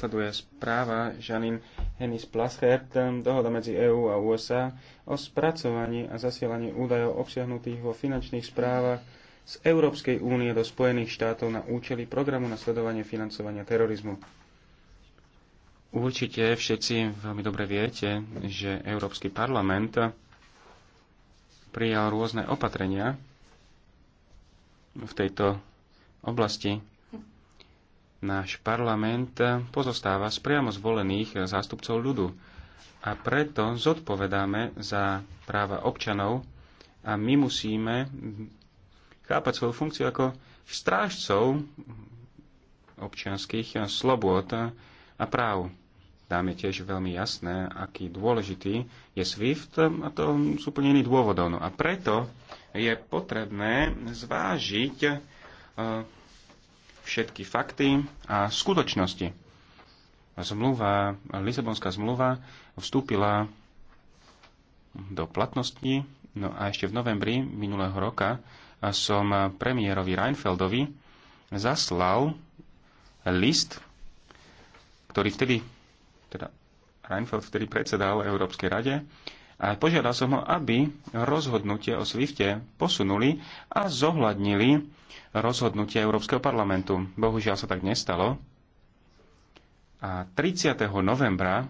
sleduje správa Janine Hennis Plaschert, um, dohoda medzi EÚ a USA o spracovaní a zasielaní údajov obsiahnutých vo finančných správach z Európskej únie do Spojených štátov na účely programu na sledovanie financovania terorizmu. Určite všetci veľmi dobre viete, že Európsky parlament prijal rôzne opatrenia v tejto oblasti Náš parlament pozostáva z priamo zvolených zástupcov ľudu a preto zodpovedáme za práva občanov a my musíme chápať svoju funkciu ako strážcov občianských slobôd a práv. Tam je tiež veľmi jasné, aký dôležitý je SWIFT a to sú úplne iných dôvodov. No a preto je potrebné zvážiť eh, všetky fakty a skutočnosti. Zmluva, Lisabonská zmluva vstúpila do platnosti. No a ešte v novembri minulého roka som premiérovi Reinfeldovi zaslal list, ktorý vtedy, teda Reinfeld vtedy predsedal Európskej rade, a požiadal som ho, aby rozhodnutie o Swifte posunuli a zohľadnili rozhodnutia Európskeho parlamentu. Bohužiaľ sa tak nestalo. A 30. novembra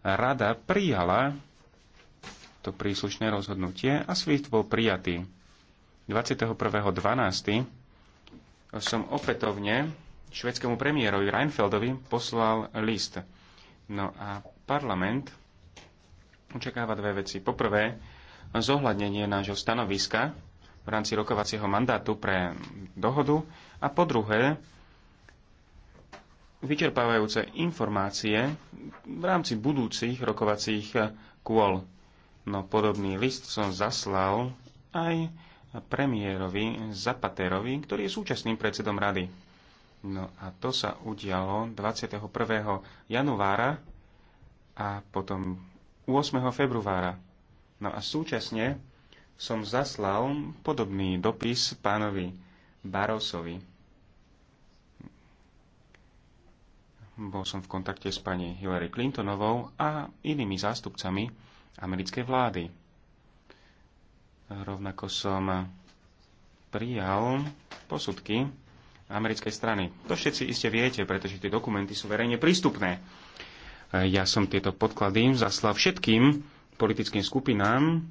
rada prijala to príslušné rozhodnutie a SWIFT bol prijatý. 21.12. som opätovne švedskému premiérovi Reinfeldovi poslal list. No a parlament očakáva dve veci. Poprvé, zohľadnenie nášho stanoviska v rámci rokovacieho mandátu pre dohodu a po druhé vyčerpávajúce informácie v rámci budúcich rokovacích kôl. No podobný list som zaslal aj premiérovi Zapaterovi, ktorý je súčasným predsedom rady. No a to sa udialo 21. januára a potom 8. februára. No a súčasne som zaslal podobný dopis pánovi Barosovi. Bol som v kontakte s pani Hillary Clintonovou a inými zástupcami americkej vlády. Rovnako som prijal posudky americkej strany. To všetci iste viete, pretože tie dokumenty sú verejne prístupné. Ja som tieto podklady zaslal všetkým politickým skupinám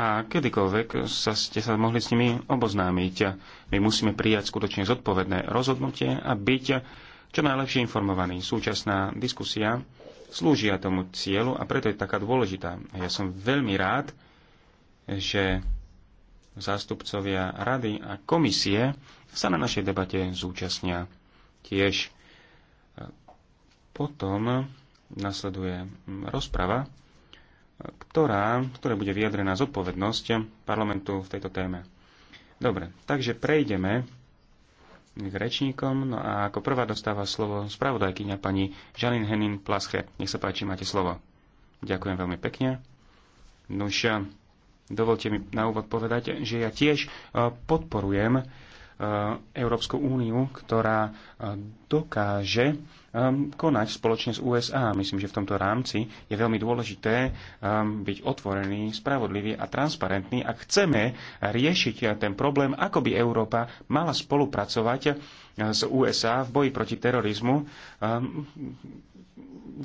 a kedykoľvek sa ste sa mohli s nimi oboznámiť. My musíme prijať skutočne zodpovedné rozhodnutie a byť čo najlepšie informovaní. Súčasná diskusia slúžia tomu cieľu a preto je taká dôležitá. A ja som veľmi rád, že zástupcovia rady a komisie sa na našej debate zúčastnia tiež. Potom nasleduje rozprava ktorá, ktoré bude vyjadrená zodpovednosť parlamentu v tejto téme. Dobre, takže prejdeme k rečníkom. No a ako prvá dostáva slovo spravodajkyňa pani Žalin Henin Plasche. Nech sa páči, máte slovo. Ďakujem veľmi pekne. Nuž, dovolte mi na úvod povedať, že ja tiež eh, podporujem E, Európsku úniu, ktorá e, dokáže e, konať spoločne s USA. Myslím, že v tomto rámci je veľmi dôležité byť otvorený, spravodlivý a transparentný, ak chceme riešiť ten problém, ako by Európa mala spolupracovať s USA v boji proti terorizmu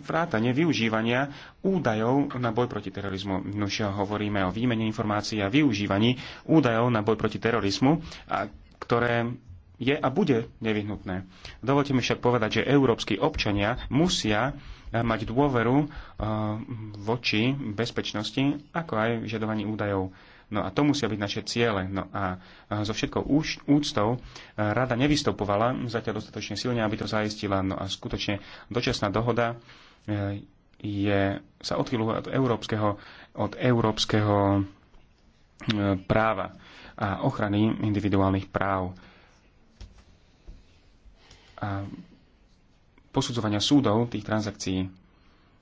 vrátanie využívania údajov na boj proti terorizmu. Už hovoríme o výmene informácií a využívaní údajov na boj proti terorizmu. A ktoré je a bude nevyhnutné. Dovolte mi však povedať, že európsky občania musia eh, mať dôveru eh, voči bezpečnosti, ako aj vyžadovaní údajov. No a to musia byť naše ciele. No a eh, so všetkou úctou rada nevystupovala zatiaľ dostatočne silne, aby to zaistila. No a skutočne dočasná dohoda je, sa odchýluje od európskeho, od európskeho práva a ochrany individuálnych práv a posudzovania súdov tých transakcií.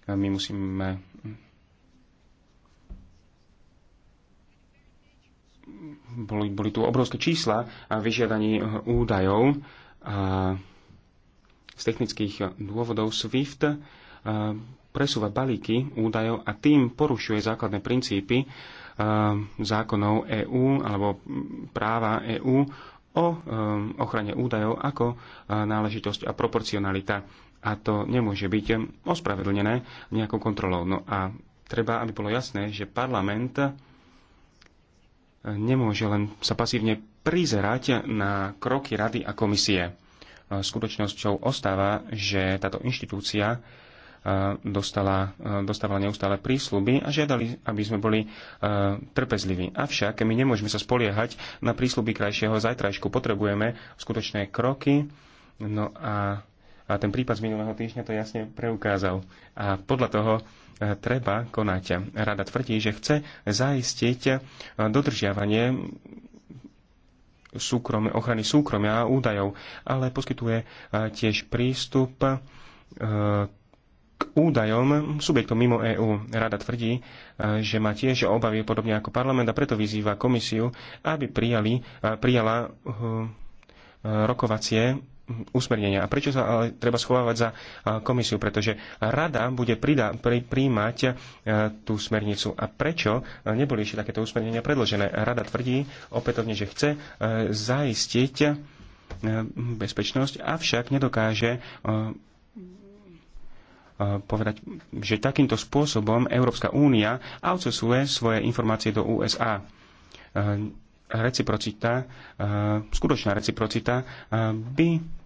My musíme boli, boli tu obrovské čísla a vyžiadaní údajov a z technických dôvodov SWIFT e, presúva balíky údajov a tým porušuje základné princípy Eh, zákonov EÚ alebo práva EÚ o eh, ochrane údajov ako eh, náležitosť a proporcionalita. A to nemôže byť ospravedlnené nejakou kontrolou. No a treba, aby bolo jasné, že parlament nemôže len sa pasívne prizerať na kroky rady a komisie. Skutočnosťou ostáva, že táto inštitúcia E, dostala, e, dostávala neustále prísľuby a žiadali, aby sme boli e, trpezliví. Avšak my nemôžeme sa spoliehať na prísľuby krajšieho zajtrajšku. Potrebujeme skutočné kroky. No a, a ten prípad z minulého týždňa to jasne preukázal. A podľa toho treba konať. Rada tvrdí, že chce zaistiť dodržiavanie súkromie, ochrany súkromia a údajov, ale poskytuje tiež prístup k údajom subjektom mimo EÚ. Rada tvrdí, e, že má tiež obavy podobne ako parlament a preto vyzýva komisiu, aby prijali, e, prijala e, rokovacie usmernenia. A prečo sa ale treba schovávať za komisiu? Pretože rada bude prida, pri, príjmať tú smernicu. A prečo neboli ešte takéto usmernenia predložené? Rada tvrdí opätovne, že chce zaistiť bezpečnosť, avšak nedokáže E, povedať, že takýmto spôsobom Európska únia outsourcuje svoje informácie do USA. E, reciprocita, e, skutočná reciprocita by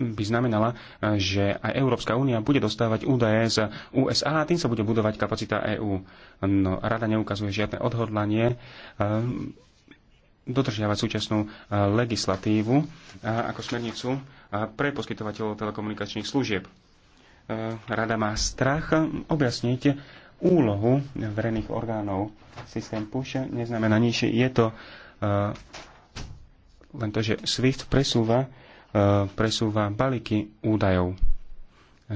by znamenala, že aj Európska únia bude dostávať údaje z USA a tým sa bude budovať kapacita EÚ. No, rada neukazuje žiadne odhodlanie dodržiavať súčasnú legislatívu ako smernicu pre poskytovateľov telekomunikačných služieb. E, rada má strach objasnite úlohu verejných orgánov. Systém PUSH neznamená nič. Je to e, len to, že SWIFT presúva, e, presúva balíky údajov,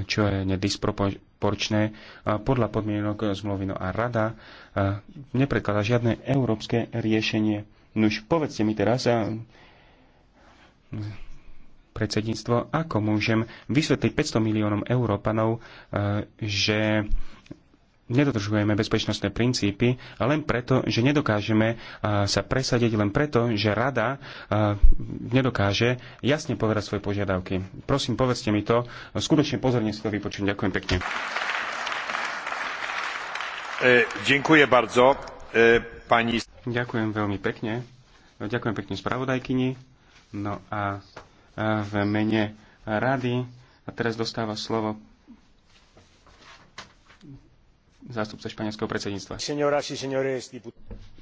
čo je nedisproporčné podľa podmienok zmluvino a rada nepredkladá žiadne európske riešenie. Nuž, povedzte mi teraz, predsedníctvo, ako môžem vysvetliť 500 miliónom Európanov, e, že nedodržujeme bezpečnostné princípy len preto, že nedokážeme e, sa presadiť, len preto, že rada e, nedokáže jasne povedať svoje požiadavky. Prosím, povedzte mi to. Skutočne pozorne si to vypočujem. Ďakujem pekne. E, ďakujem bardzo. E, pani... Ďakujem veľmi pekne. Ďakujem pekne spravodajkyni. No a v mene rady. A teraz dostáva slovo zástupca španielského predsedníctva.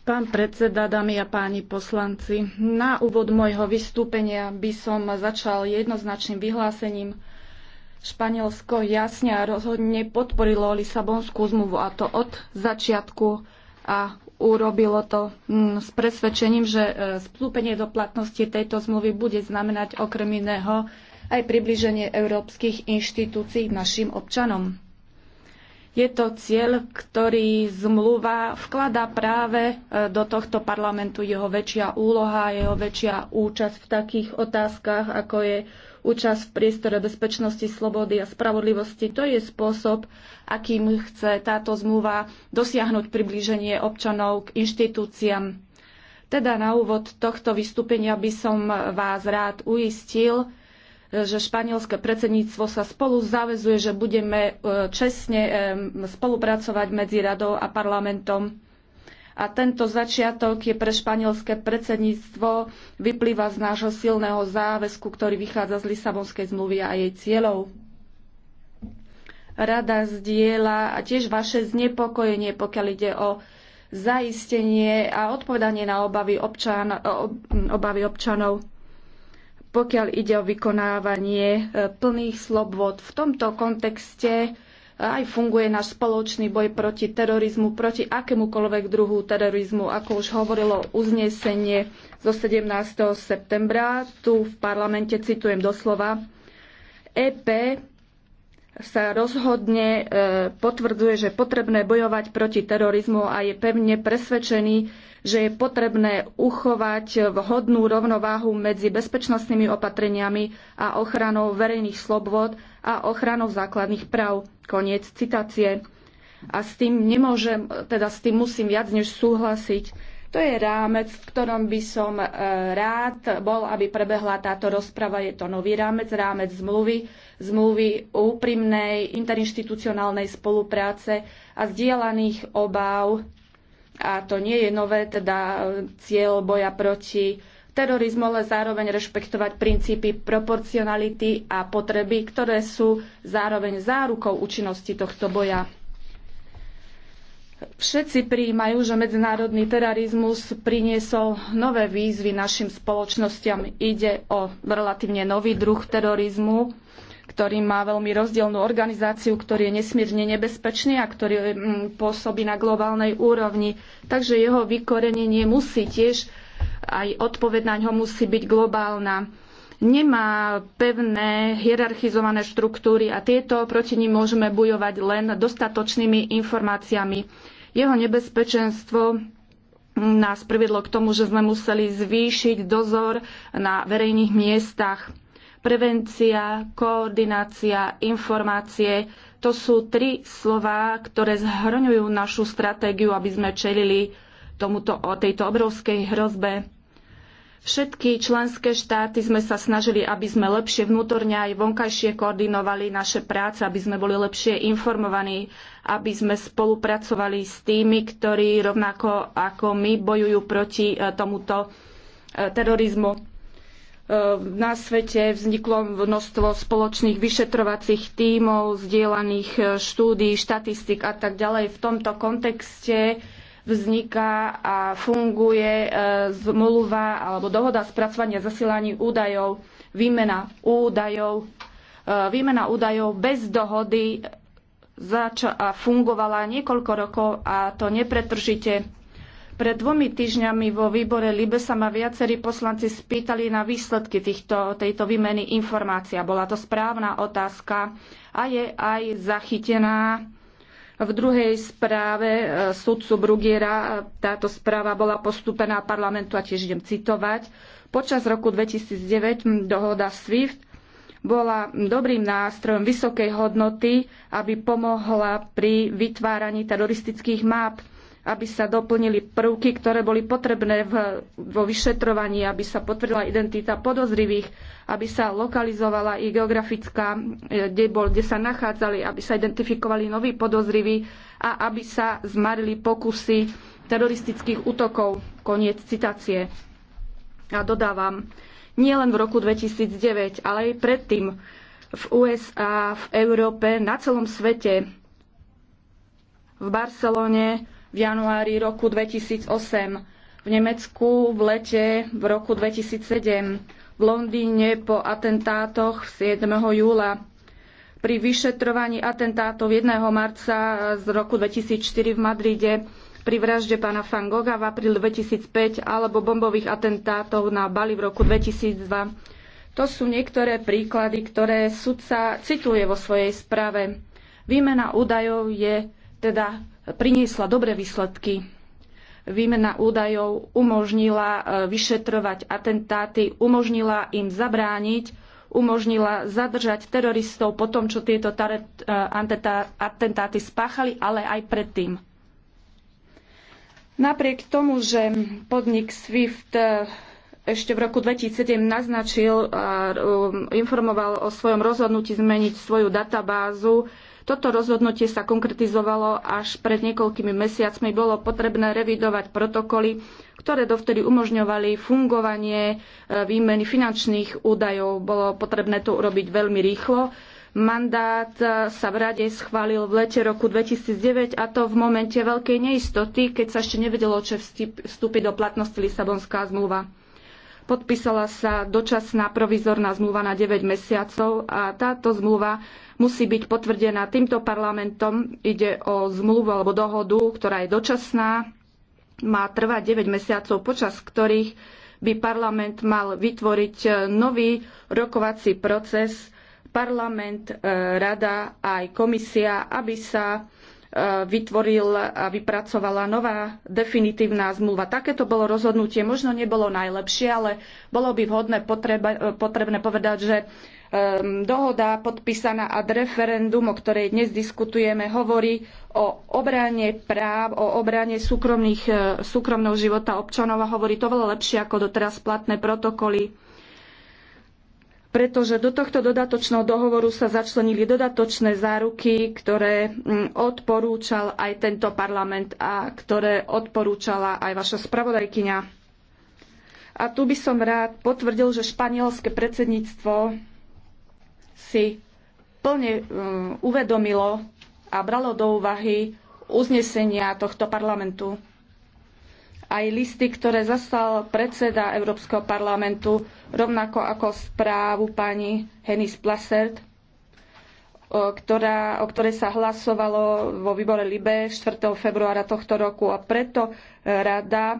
Pán predseda, dámy a páni poslanci, na úvod môjho vystúpenia by som začal jednoznačným vyhlásením. Španielsko jasne a rozhodne podporilo Lisabonskú zmluvu a to od začiatku a urobilo to mm, s presvedčením, že e, vstúpenie do platnosti tejto zmluvy bude znamenať okrem iného aj približenie európskych inštitúcií našim občanom. Je to cieľ, ktorý zmluva vklada práve e, do tohto parlamentu jeho väčšia úloha, jeho väčšia účasť v takých otázkach, ako je účasť v priestore bezpečnosti, slobody a spravodlivosti. To je spôsob, akým chce táto zmluva dosiahnuť priblíženie občanov k inštitúciám. Teda na úvod tohto vystúpenia by som vás rád uistil, že španielské predsedníctvo sa spolu zavezuje, že budeme eh, čestne eh, spolupracovať medzi radou a parlamentom a tento začiatok je pre španielské predsedníctvo, vyplýva z nášho silného záväzku, ktorý vychádza z Lisabonskej zmluvy a jej cieľov. Rada zdieľa a tiež vaše znepokojenie, pokiaľ ide o zaistenie a odpovedanie na obavy, občan, obavy občanov, pokiaľ ide o vykonávanie e, plných slobod. V tomto kontexte aj funguje náš spoločný boj proti terorizmu, proti akémukoľvek druhu terorizmu, ako už hovorilo uznesenie zo 17. septembra. Tu v parlamente citujem doslova. EP sa rozhodne e, potvrdzuje, že je potrebné bojovať proti terorizmu a je pevne presvedčený, že je potrebné uchovať vhodnú rovnováhu medzi bezpečnostnými opatreniami a ochranou verejných slobod a ochranou základných práv. Koniec citácie. A s tým nemôžem, teda s tým musím viac než súhlasiť. To je rámec, v ktorom by som e, rád bol, aby prebehla táto rozprava. Je to nový rámec, rámec zmluvy, zmluvy úprimnej interinstitucionálnej spolupráce a zdieľaných obáv. A to nie je nové, teda e, cieľ boja proti terorizmu, ale zároveň rešpektovať princípy proporcionality a potreby, ktoré sú zároveň zárukou účinnosti tohto boja. Všetci prijímajú, že medzinárodný terorizmus priniesol nové výzvy našim spoločnostiam. Ide o relatívne nový druh terorizmu, ktorý má veľmi rozdielnú organizáciu, ktorý je nesmierne nebezpečný a ktorý mm, pôsobí na globálnej úrovni. Takže jeho vykorenenie musí tiež aj odpoveď na ňo musí byť globálna. Nemá pevné hierarchizované štruktúry a tieto proti nim môžeme bojovať len dostatočnými informáciami. Jeho nebezpečenstvo nás privedlo k tomu, že sme museli zvýšiť dozor na verejných miestach. Prevencia, koordinácia, informácie to sú tri slova, ktoré zhrňujú našu stratégiu, aby sme čelili tomuto, o tejto obrovskej hrozbe. Všetky členské štáty sme sa snažili, aby sme lepšie vnútorne aj vonkajšie koordinovali naše práce, aby sme boli lepšie informovaní, aby sme spolupracovali s tými, ktorí rovnako ako my bojujú proti e, tomuto e, terorizmu. E, na svete vzniklo množstvo spoločných vyšetrovacích tímov, zdieľaných štúdí, štatistik a tak ďalej. V tomto kontexte vzniká a funguje e, zmluva alebo dohoda spracovania zasilaní údajov, výmena údajov, e, výmena údajov bez dohody zača- a fungovala niekoľko rokov a to nepretržite. Pred dvomi týždňami vo výbore Libe sa ma viacerí poslanci spýtali na výsledky týchto, tejto výmeny informácia. Bola to správna otázka a je aj zachytená v druhej správe e, sudcu Brugiera e, táto správa bola postúpená parlamentu a tiež idem citovať. Počas roku 2009 dohoda SWIFT bola dobrým nástrojom vysokej hodnoty, aby pomohla pri vytváraní teroristických map aby sa doplnili prvky, ktoré boli potrebné v, vo vyšetrovaní, aby sa potvrdila identita podozrivých, aby sa lokalizovala i geografická, e, kde, bol, kde sa nachádzali, aby sa identifikovali noví podozriví a aby sa zmarili pokusy teroristických útokov. Koniec citácie. A dodávam, nie len v roku 2009, ale aj predtým v USA, v Európe, na celom svete, v Barcelone v januári roku 2008, v Nemecku v lete v roku 2007, v Londýne po atentátoch 7. júla, pri vyšetrovaní atentátov 1. marca z roku 2004 v Madride, pri vražde pána Fangoga v apríli 2005 alebo bombových atentátov na Bali v roku 2002. To sú niektoré príklady, ktoré sudca cituje vo svojej správe. Výmena údajov je teda priniesla dobré výsledky. Výmena údajov umožnila e, vyšetrovať atentáty, umožnila im zabrániť, umožnila zadržať teroristov po tom, čo tieto e, atentáty spáchali, ale aj predtým. Napriek tomu, že podnik SWIFT e, ešte v roku 2007 naznačil a informoval o svojom rozhodnutí zmeniť svoju databázu, toto rozhodnutie sa konkretizovalo až pred niekoľkými mesiacmi. Bolo potrebné revidovať protokoly, ktoré dovtedy umožňovali fungovanie e, výmeny finančných údajov. Bolo potrebné to urobiť veľmi rýchlo. Mandát e, sa v rade schválil v lete roku 2009 a to v momente veľkej neistoty, keď sa ešte nevedelo, čo vstúpi do platnosti Lisabonská zmluva. Podpísala sa dočasná provizorná zmluva na 9 mesiacov a táto zmluva musí byť potvrdená týmto parlamentom. Ide o zmluvu alebo dohodu, ktorá je dočasná, má trvať 9 mesiacov, počas ktorých by parlament mal vytvoriť e, nový rokovací proces parlament, e, rada a aj komisia, aby sa vytvoril a vypracovala nová definitívna zmluva. Takéto bolo rozhodnutie, možno nebolo najlepšie, ale bolo by vhodné potreba, potrebné povedať, že ehm, dohoda podpísaná ad referendum, o ktorej dnes diskutujeme, hovorí o obrane práv, o obrane súkromných, súkromného života občanov a hovorí to veľa lepšie ako doteraz platné protokoly pretože do tohto dodatočného dohovoru sa začlenili dodatočné záruky, ktoré mm, odporúčal aj tento parlament a ktoré odporúčala aj vaša spravodajkyňa. A tu by som rád potvrdil, že španielske predsedníctvo si plne mm, uvedomilo a bralo do úvahy uznesenia tohto parlamentu aj listy, ktoré zaslal predseda Európskeho parlamentu, rovnako ako správu pani Henis Plasert, ktorá, o ktorej sa hlasovalo vo výbore LIBE 4. februára tohto roku. A preto eh, rada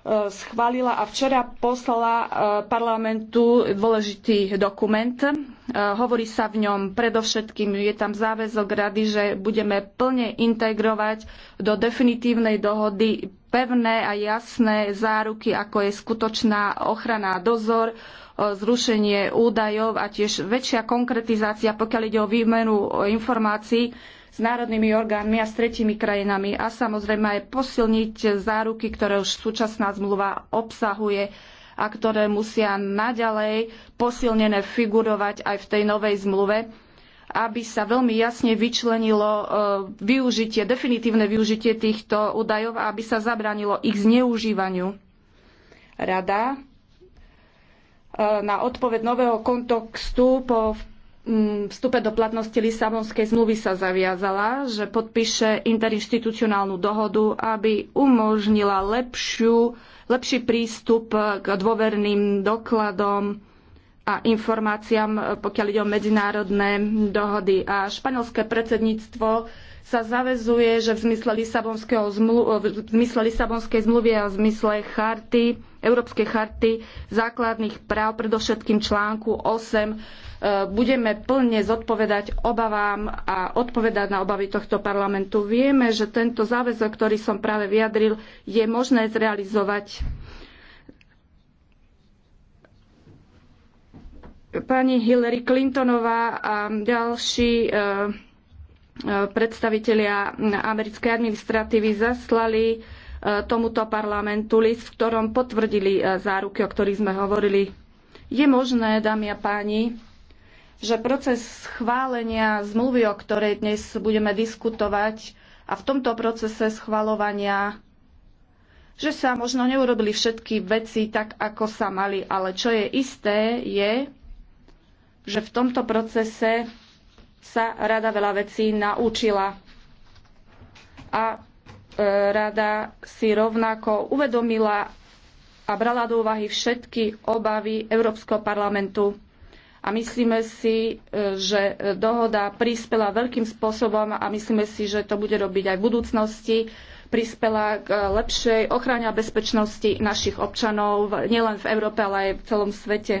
E, schválila a včera poslala e, parlamentu dôležitý dokument. E, hovorí sa v ňom predovšetkým, je tam záväzok rady, že budeme plne integrovať do definitívnej dohody pevné a jasné záruky, ako je skutočná ochrana a dozor, zrušenie údajov a tiež väčšia konkretizácia, pokiaľ ide o výmenu informácií s národnými orgánmi a s tretimi krajinami a samozrejme aj posilniť záruky, ktoré už súčasná zmluva obsahuje a ktoré musia naďalej posilnené figurovať aj v tej novej zmluve, aby sa veľmi jasne vyčlenilo e, využitie, definitívne využitie týchto údajov a aby sa zabránilo ich zneužívaniu. Rada e, na odpoveď nového kontextu po Mm, vstupe do platnosti Lisabonskej zmluvy sa zaviazala, že podpíše interinstitucionálnu dohodu, aby umožnila lepšiu, lepší prístup k dôverným dokladom a informáciám, pokiaľ ide o medzinárodné dohody. A španielské predsedníctvo sa zavezuje, že v zmysle, zmlu- v zmysle Lisabonskej zmluvy a v zmysle charty, Európskej charty základných práv, predovšetkým článku 8, budeme plne zodpovedať obavám a odpovedať na obavy tohto parlamentu. Vieme, že tento záväzok, ktorý som práve vyjadril, je možné zrealizovať. Pani Hillary Clintonová a ďalší eh, eh, predstavitelia americkej administratívy zaslali eh, tomuto parlamentu list, v ktorom potvrdili záruky, o ktorých sme hovorili. Je možné, dámy a páni, že proces schválenia zmluvy, o ktorej dnes budeme diskutovať, a v tomto procese schvalovania, že sa možno neurobili všetky veci tak, ako sa mali, ale čo je isté, je, že v tomto procese sa rada veľa vecí naučila. A e, rada si rovnako uvedomila a brala do úvahy všetky obavy Európskeho parlamentu a myslíme si, e, že e, dohoda prispela veľkým spôsobom a myslíme si, že to bude robiť aj v budúcnosti, prispela k e, lepšej ochrane a bezpečnosti našich občanov nielen v Európe, ale aj v celom svete.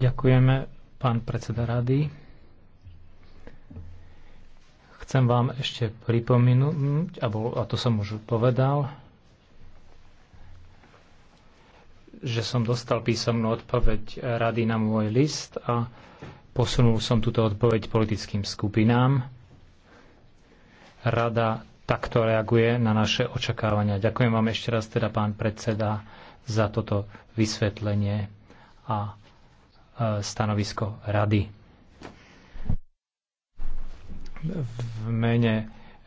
Ďakujeme, pán predseda rady. Chcem vám ešte pripomínuť, a to som už povedal, že som dostal písomnú odpoveď rady na môj list a posunul som túto odpoveď politickým skupinám. Rada takto reaguje na naše očakávania. Ďakujem vám ešte raz teda, pán predseda, za toto vysvetlenie a e, stanovisko rady. V mene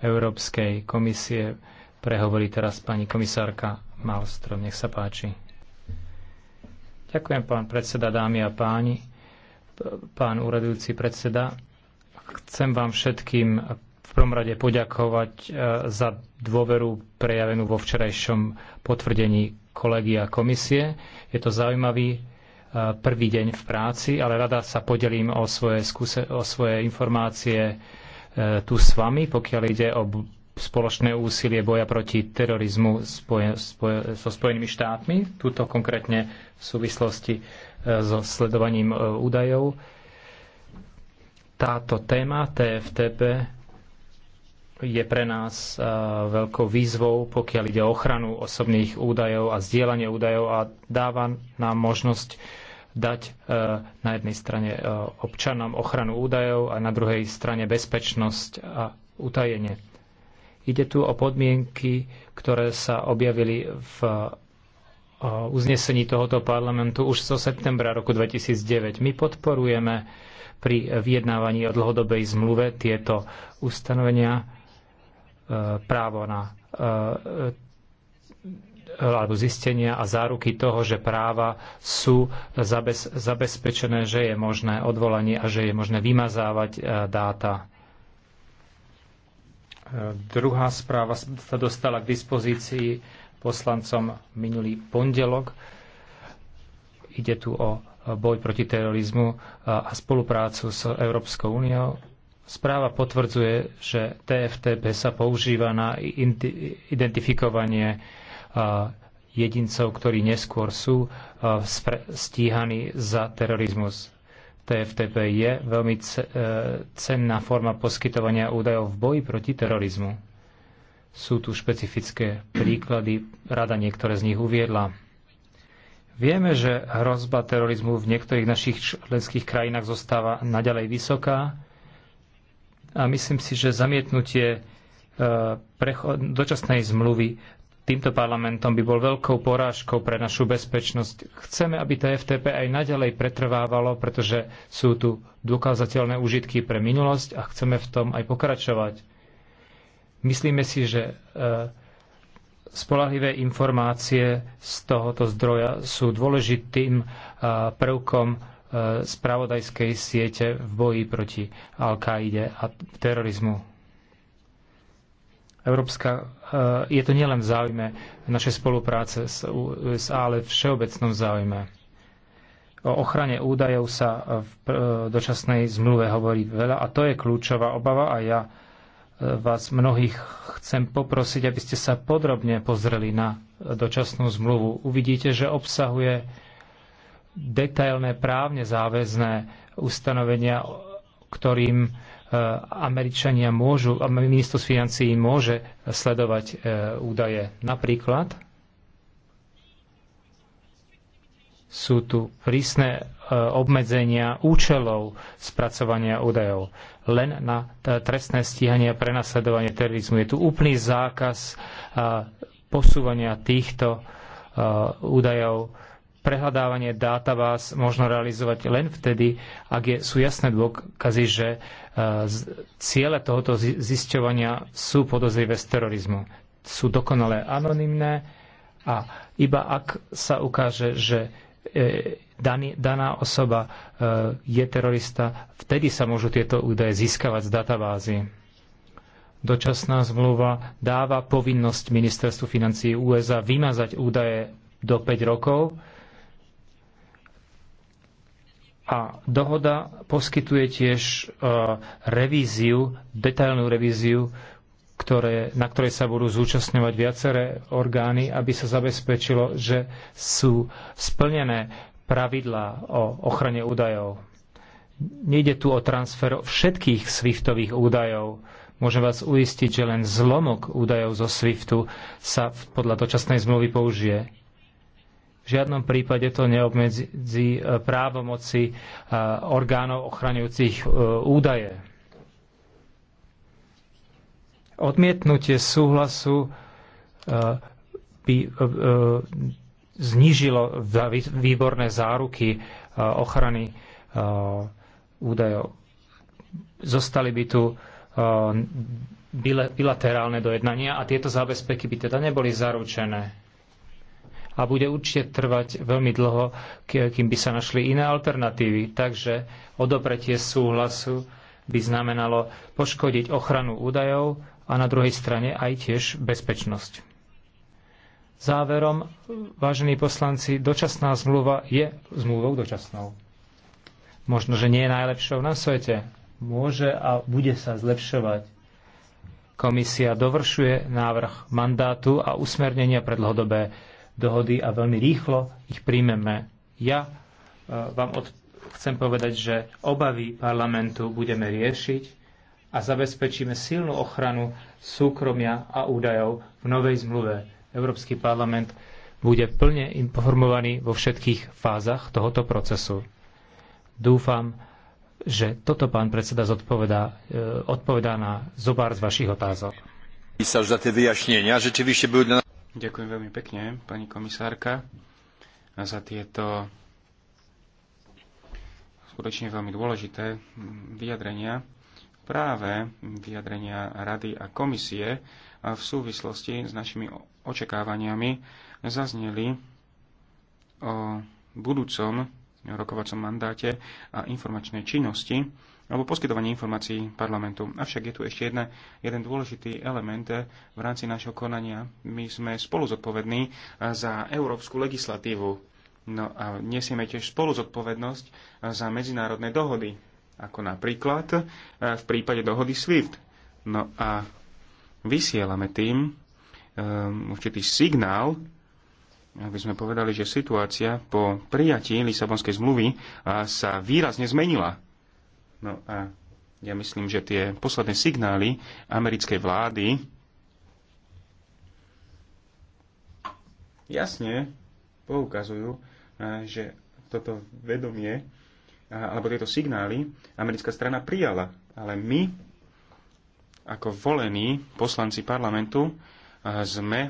Európskej komisie prehovorí teraz pani komisárka Malstrom. Nech sa páči. Ďakujem, pán predseda, dámy a páni, pán úradujúci predseda. Chcem vám všetkým v prvom rade poďakovať e, za dôveru prejavenú vo včerajšom potvrdení kolegia komisie. Je to zaujímavý e, prvý deň v práci, ale rada sa podelím o svoje, skúse, o svoje informácie e, tu s vami, pokiaľ ide o spoločné úsilie boja proti terorizmu spoje, spoje, so Spojenými štátmi, tuto konkrétne v súvislosti e, so sledovaním e, údajov. Táto téma TFTP je pre nás e, veľkou výzvou, pokiaľ ide o ochranu osobných údajov a zdieľanie údajov a dáva nám možnosť dať na jednej strane občanom ochranu údajov a na druhej strane bezpečnosť a utajenie. Ide tu o podmienky, ktoré sa objavili v e, uznesení tohoto parlamentu už zo septembra roku 2009. My podporujeme pri vyjednávaní o dlhodobej zmluve tieto ustanovenia e, právo na e, alebo zistenia a záruky toho, že práva sú zabez, zabezpečené, že je možné odvolanie a že je možné vymazávať dáta. Druhá správa sa dostala k dispozícii poslancom minulý pondelok. Ide tu o boj proti terorizmu a spoluprácu s Európskou úniou. Správa potvrdzuje, že TFTP sa používa na identifikovanie jedincov, ktorí neskôr sú stíhaní za terorizmus. TFTP je veľmi e, cenná forma poskytovania údajov v boji proti terorizmu. Sú tu špecifické príklady, rada niektoré z nich uviedla. Vieme, že hrozba terorizmu v niektorých našich členských krajinách zostáva naďalej vysoká a myslím si, že zamietnutie e, dočasnej zmluvy týmto parlamentom by bol veľkou porážkou pre našu bezpečnosť. Chceme, aby TFTP aj naďalej pretrvávalo, pretože sú tu dokázateľné užitky pre minulosť a chceme v tom aj pokračovať. Myslíme si, že e, spolahlivé informácie z tohoto zdroja sú dôležitým e, prvkom e, spravodajskej siete v boji proti Al-Kaide a terorizmu. Európska, eh, je to nielen v záujme našej spolupráce s USA, ale v všeobecnom záujme. O ochrane údajov sa v eh, dočasnej zmluve hovorí veľa a to je kľúčová obava a ja eh, vás mnohých chcem poprosiť, aby ste sa podrobne pozreli na dočasnú zmluvu. Uvidíte, že obsahuje detailné právne záväzné ustanovenia, ktorým Eh, Američania môžu, ministerstvo financií môže sledovať eh, údaje. Napríklad sú tu prísne eh, obmedzenia účelov spracovania údajov len na trestné stíhanie a prenasledovanie terorizmu. Je tu úplný zákaz posúvania týchto údajov prehľadávanie databáz možno realizovať len vtedy, ak je, sú jasné dôkazy, že e, ciele tohoto zisťovania sú podozrivé z terorizmu. Sú dokonale anonymné a iba ak sa ukáže, že e, daný, daná osoba e, je terorista, vtedy sa môžu tieto údaje získavať z databázy. Dočasná zmluva dáva povinnosť ministerstvu financí USA vymazať údaje do 5 rokov, a dohoda poskytuje tiež e, revíziu, detailnú revíziu, ktoré, na ktorej sa budú zúčastňovať viaceré orgány, aby sa zabezpečilo, že sú splnené pravidlá o ochrane údajov. Nejde tu o transfer všetkých SWIFTových údajov. Môžem vás uistiť, že len zlomok údajov zo SWIFTu sa podľa dočasnej zmluvy použije v žiadnom prípade to neobmedzí e, právomoci e, orgánov ochraňujúcich e, údaje. Odmietnutie súhlasu by znížilo výborné záruky ochrany údajov. Zostali by tu bilaterálne dojednania a tieto zábezpeky by teda neboli zaručené a bude určite trvať veľmi dlho, kým by sa našli iné alternatívy. Takže odopretie súhlasu by znamenalo poškodiť ochranu údajov a na druhej strane aj tiež bezpečnosť. Záverom, vážení poslanci, dočasná zmluva je zmluvou dočasnou. Možno, že nie je najlepšou na svete. Môže a bude sa zlepšovať. Komisia dovršuje návrh mandátu a usmernenia pre dlhodobé dohody a veľmi rýchlo ich príjmeme. Ja e, vám od, chcem povedať, že obavy parlamentu budeme riešiť a zabezpečíme silnú ochranu súkromia a údajov v novej zmluve. Európsky parlament bude plne informovaný vo všetkých fázach tohoto procesu. Dúfam, že toto pán predseda zodpovedá, e, odpovedá na zobár z vašich otázok. za tie vyjašnenia. či vyššie budú... Ďakujem veľmi pekne, pani komisárka, za tieto skutočne veľmi dôležité vyjadrenia, práve vyjadrenia Rady a komisie v súvislosti s našimi očakávaniami zazneli o budúcom rokovacom mandáte a informačnej činnosti alebo poskytovanie informácií parlamentu. Avšak je tu ešte jedna, jeden dôležitý element eh, v rámci našho konania. My sme spolu zodpovední eh, za európsku legislatívu. No a nesieme tiež spolu zodpovednosť eh, za medzinárodné dohody, ako napríklad v prípade dohody SWIFT. No a vysielame tým um, určitý signál, aby sme povedali, že situácia po prijatí Lisabonskej zmluvy sa výrazne zmenila No a ja myslím, že tie posledné signály americkej vlády jasne poukazujú, eh, že toto vedomie eh, alebo tieto signály americká strana prijala. Ale my, ako volení poslanci parlamentu, eh, sme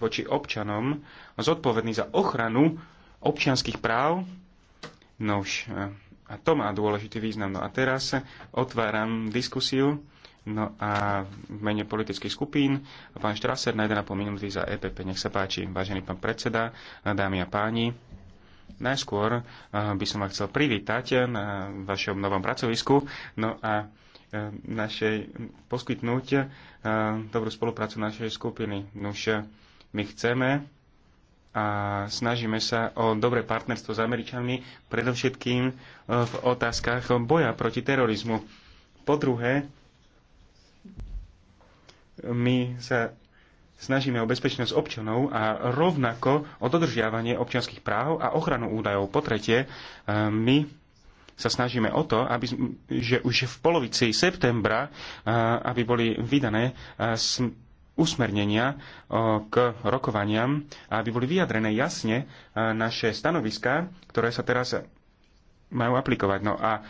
voči občanom zodpovední za ochranu občianských práv. už. A to má dôležitý význam. No a teraz otváram diskusiu no a v mene politických skupín. Pán Štraser na 1,5 minúty za EPP. Nech sa páči, vážený pán predseda, dámy a páni. Najskôr eh, by som vás chcel privítať na vašom novom pracovisku. No a eh, našej, poskytnúť eh, dobrú spoluprácu našej skupiny. Nuž my chceme a snažíme sa o dobré partnerstvo s Američanmi, predovšetkým e, v otázkach boja proti terorizmu. Po druhé, my sa snažíme o bezpečnosť občanov a rovnako o dodržiavanie občanských práv a ochranu údajov. Po tretie, e, my sa snažíme o to, aby, že už v polovici septembra, e, aby boli vydané usmernenia k rokovaniam, aby boli vyjadrené jasne e, naše stanoviská, ktoré sa teraz majú aplikovať. No a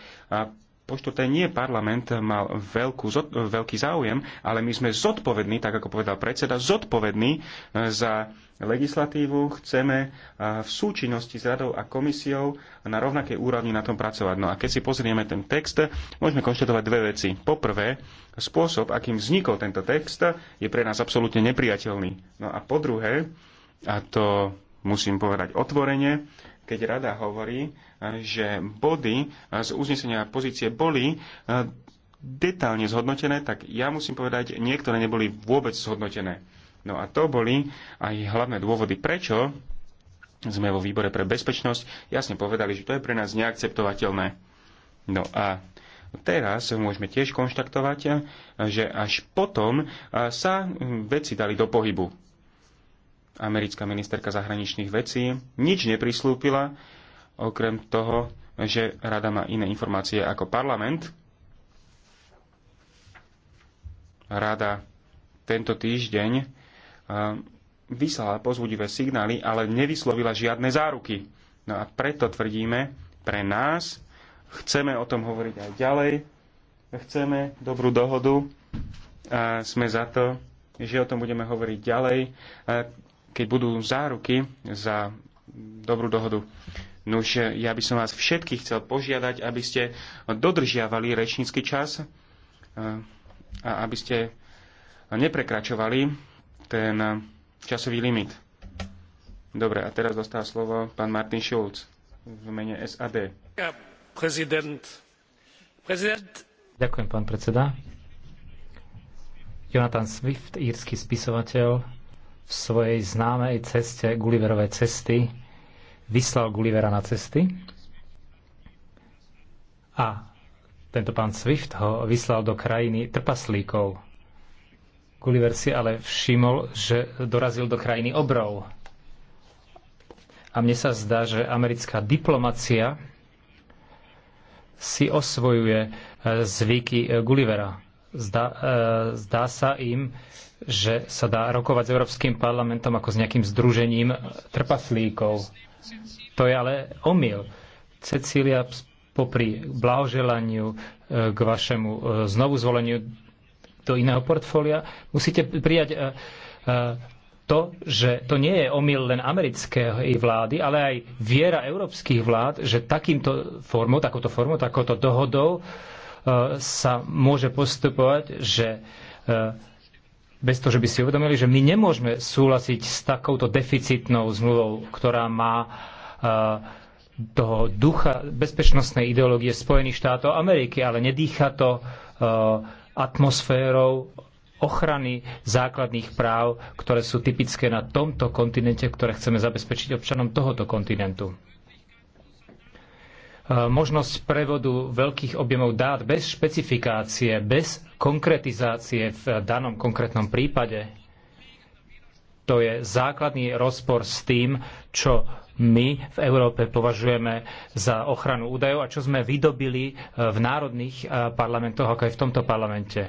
po štvrté, nie parlament mal veľkú, zod, veľký záujem, ale my sme zodpovední, tak ako povedal predseda, zodpovední e, za legislatívu. Chceme e, v súčinnosti s radou a komisiou na rovnakej úrovni na tom pracovať. No a keď si pozrieme ten text, môžeme konštatovať dve veci. Poprvé, spôsob, akým vznikol tento text, je pre nás absolútne nepriateľný. No a po druhé, a to musím povedať otvorene, keď rada hovorí, e, že body e, z uznesenia pozície boli e, detálne zhodnotené, tak ja musím povedať, niektoré neboli vôbec zhodnotené. No a to boli aj hlavné dôvody, prečo sme vo výbore pre bezpečnosť jasne povedali, že to je pre nás neakceptovateľné. No a teraz môžeme tiež konštatovať, že až potom sa veci dali do pohybu americká ministerka zahraničných vecí nič neprislúpila, okrem toho, že rada má iné informácie ako parlament. Rada tento týždeň e, vyslala pozvudivé signály, ale nevyslovila žiadne záruky. No a preto tvrdíme, pre nás chceme o tom hovoriť aj ďalej, chceme dobrú dohodu a sme za to, že o tom budeme hovoriť ďalej. E, keď budú záruky za dobrú dohodu. Nuž, ja by som vás všetkých chcel požiadať, aby ste dodržiavali rečnícky čas e, a aby ste neprekračovali ten časový limit. Dobre, a teraz dostáva slovo pán Martin Schulz v mene SAD. prezident. Prezident. Ďakujem, pán predseda. Jonathan Swift, írsky spisovateľ, v svojej známej ceste Gulliverovej cesty vyslal Gullivera na cesty a tento pán Swift ho vyslal do krajiny trpaslíkov. Gulliver si ale všimol, že dorazil do krajiny obrov. A mne sa zdá, že americká diplomacia si osvojuje e, zvyky e, Gullivera zdá, e, zdá sa im, že sa dá rokovať s Európskym parlamentom ako s nejakým združením trpaslíkov. To je ale omyl. Cecília, popri blahoželaniu e, k vašemu e, znovu zvoleniu do iného portfólia, musíte prijať to, že to nie je omyl len americkej vlády, ale aj viera európskych vlád, že takýmto formou, takouto formou, takouto dohodou E, sa môže postupovať, že e, bez toho, že by si uvedomili, že my nemôžeme súhlasiť s takouto deficitnou zmluvou, ktorá má e, toho ducha bezpečnostnej ideológie Spojených štátov Ameriky, ale nedýcha to atmosférou ochrany základných práv, ktoré sú typické na tomto kontinente, ktoré chceme zabezpečiť občanom tohoto kontinentu. E, možnosť prevodu veľkých objemov dát bez špecifikácie, bez konkretizácie v danom konkrétnom prípade. To je základný rozpor s tým, čo my v Európe považujeme za ochranu údajov a čo sme vydobili e, v národných e, parlamentoch, ako aj v tomto parlamente.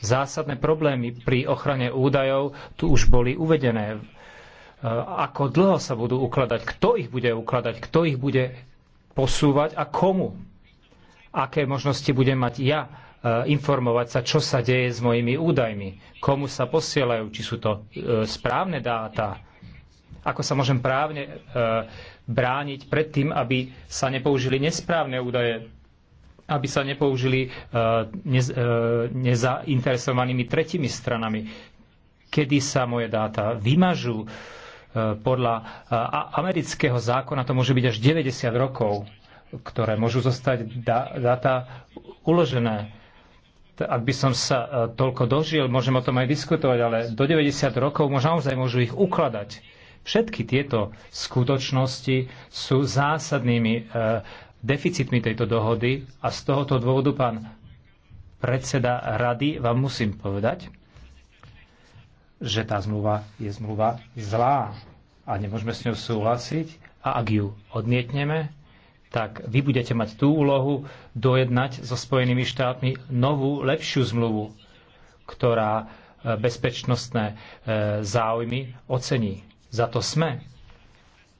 Zásadné problémy pri ochrane údajov tu už boli uvedené. Ako dlho sa budú ukladať, kto ich bude ukladať, kto ich bude posúvať a komu. Aké možnosti budem mať ja e, informovať sa, čo sa deje s mojimi údajmi, komu sa posielajú, či sú to e, správne dáta, ako sa môžem právne e, brániť pred tým, aby sa nepoužili nesprávne údaje, aby sa nepoužili nezainteresovanými tretimi stranami, kedy sa moje dáta vymažú, Eh, podľa eh, amerického zákona to môže byť až 90 rokov, ktoré môžu zostať dáta uložené. Ak by som sa eh, toľko dožil, môžem o tom aj diskutovať, ale do 90 rokov možno naozaj môžu ich ukladať. Všetky tieto skutočnosti sú zásadnými deficitmi tejto dohody a z tohoto dôvodu, pán predseda rady, vám musím povedať, že tá zmluva je zmluva zlá a nemôžeme s ňou súhlasiť a ak ju odmietneme, tak vy budete mať tú úlohu dojednať so Spojenými štátmi novú, lepšiu zmluvu, ktorá e, bezpečnostné e, záujmy ocení. Za to sme,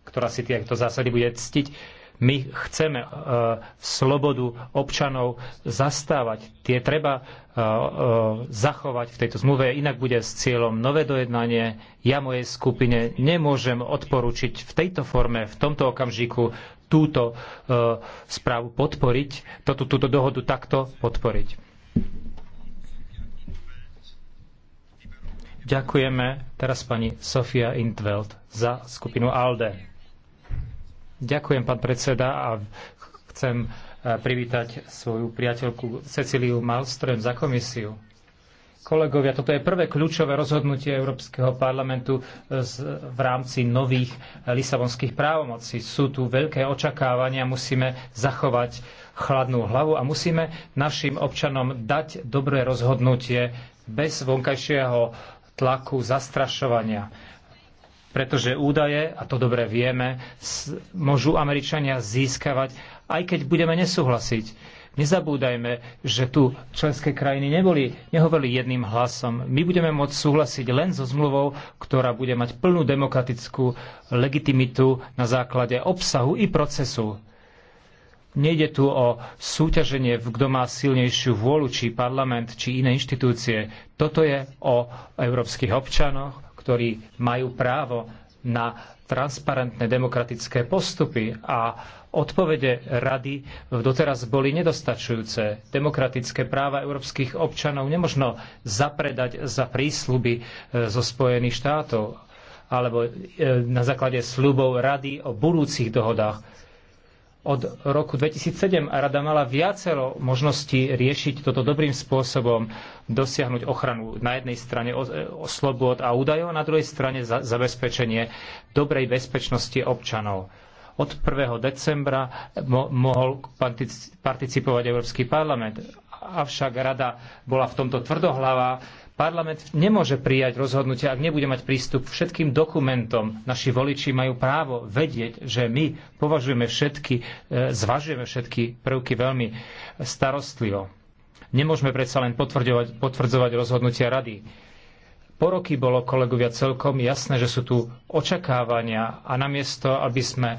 ktorá si tieto zásady bude ctiť my chceme e, slobodu občanov zastávať. Tie treba e, e, zachovať v tejto zmluve, inak bude s cieľom nové dojednanie. Ja mojej skupine nemôžem odporučiť v tejto forme, v tomto okamžiku túto správu podporiť, toto, túto dohodu takto podporiť. Ďakujeme teraz pani Sofia Intveld za skupinu ALDE. Ďakujem, pán predseda, a chcem e, privítať svoju priateľku Cecíliu Malström za komisiu. Kolegovia, toto je prvé kľúčové rozhodnutie Európskeho parlamentu e, v rámci nových e, lisabonských právomocí. Sú tu veľké očakávania, musíme zachovať chladnú hlavu a musíme našim občanom dať dobré rozhodnutie bez vonkajšieho tlaku zastrašovania pretože údaje, a to dobre vieme, môžu Američania získavať, aj keď budeme nesúhlasiť. Nezabúdajme, že tu členské krajiny neboli, nehovorili jedným hlasom. My budeme môcť súhlasiť len so zmluvou, ktorá bude mať plnú demokratickú legitimitu na základe obsahu i procesu. Nejde tu o súťaženie, kto má silnejšiu vôľu, či parlament, či iné inštitúcie. Toto je o európskych občanoch, ktorí majú právo na transparentné demokratické postupy a odpovede rady doteraz boli nedostačujúce. Demokratické práva európskych občanov nemožno zapredať za prísľuby e, zo Spojených štátov alebo e, na základe sľubov rady o budúcich dohodách od roku 2007 a rada mala viacero možností riešiť toto dobrým spôsobom, dosiahnuť ochranu na jednej strane o, o slobod a údajov, na druhej strane za, zabezpečenie dobrej bezpečnosti občanov. Od 1. decembra mo, mohol participovať Európsky parlament, avšak rada bola v tomto tvrdohlava. Parlament nemôže prijať rozhodnutie, ak nebude mať prístup k všetkým dokumentom. Naši voliči majú právo vedieť, že my považujeme všetky, e, zvažujeme všetky prvky veľmi starostlivo. Nemôžeme predsa len potvrdzovať, rozhodnutia rady. Po roky bolo, kolegovia, celkom jasné, že sú tu očakávania a namiesto, aby sme e,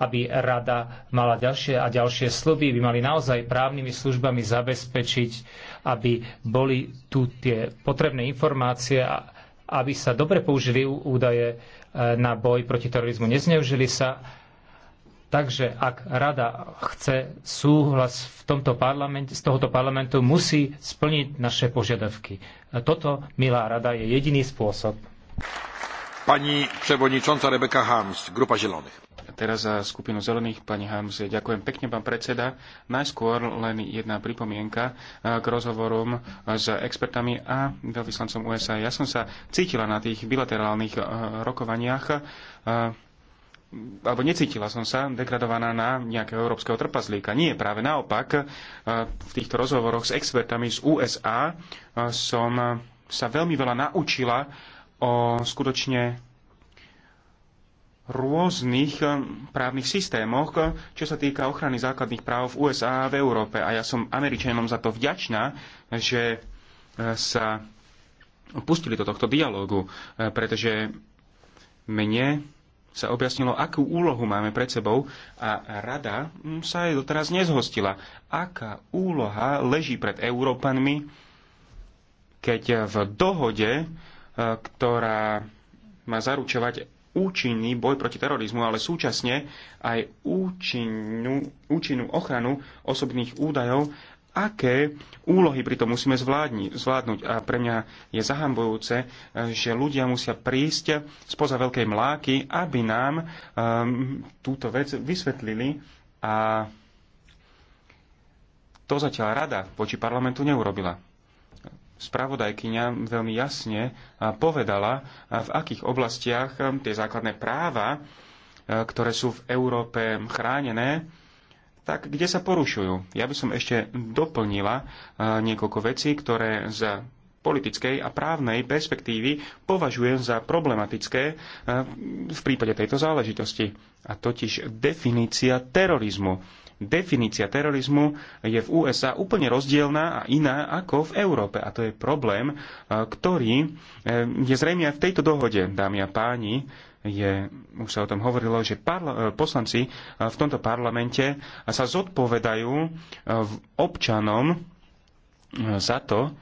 aby rada mala ďalšie a ďalšie sluby, by mali naozaj právnymi službami zabezpečiť, aby boli tu tie potrebné informácie a aby sa dobre použili údaje e, na boj proti terorizmu. Nezneužili sa. Takže ak rada chce súhlas v tomto parlamente, z tohoto parlamentu, musí splniť naše požiadavky. E, toto, milá rada, je jediný spôsob. Pani przewodnicząca Rebeka Harms, Grupa Zielonych. Teraz za skupinu Zelených, pani Harms, ďakujem pekne, pán predseda. Najskôr len jedna pripomienka k rozhovorom s expertami a veľvyslancom USA. Ja som sa cítila na tých bilaterálnych eh, rokovaniach eh, alebo necítila som sa degradovaná na nejakého európskeho trpaslíka. Nie, práve naopak, eh, v týchto rozhovoroch s expertami z USA som sa veľmi veľa naučila o skutočne rôznych eh, právnych systémoch, čo sa týka ochrany základných práv v USA a v Európe. A ja som Američanom za to vďačná, že eh, sa pustili do tohto dialógu, eh, pretože mne sa objasnilo, akú úlohu máme pred sebou a rada hm, sa jej doteraz nezhostila. Aká úloha leží pred Európanmi, keď v dohode E, ktorá má zaručovať účinný boj proti terorizmu, ale súčasne aj účinnú, účinnú ochranu osobných údajov, aké úlohy pritom musíme zvládni, zvládnuť. A pre mňa je zahambujúce, e, že ľudia musia prísť spoza veľkej mláky, aby nám um, túto vec vysvetlili a to zatiaľ rada voči parlamentu neurobila spravodajkyňa veľmi jasne povedala, v akých oblastiach tie základné práva, ktoré sú v Európe chránené, tak kde sa porušujú. Ja by som ešte doplnila niekoľko vecí, ktoré z politickej a právnej perspektívy považujem za problematické v prípade tejto záležitosti. A totiž definícia terorizmu definícia terorizmu je v USA úplne rozdielná a iná ako v Európe. A to je problém, e, ktorý e, je zrejme aj v tejto dohode, dámy a páni. Je, už sa o tom hovorilo, že e, poslanci v tomto parlamente sa zodpovedajú občanom za to,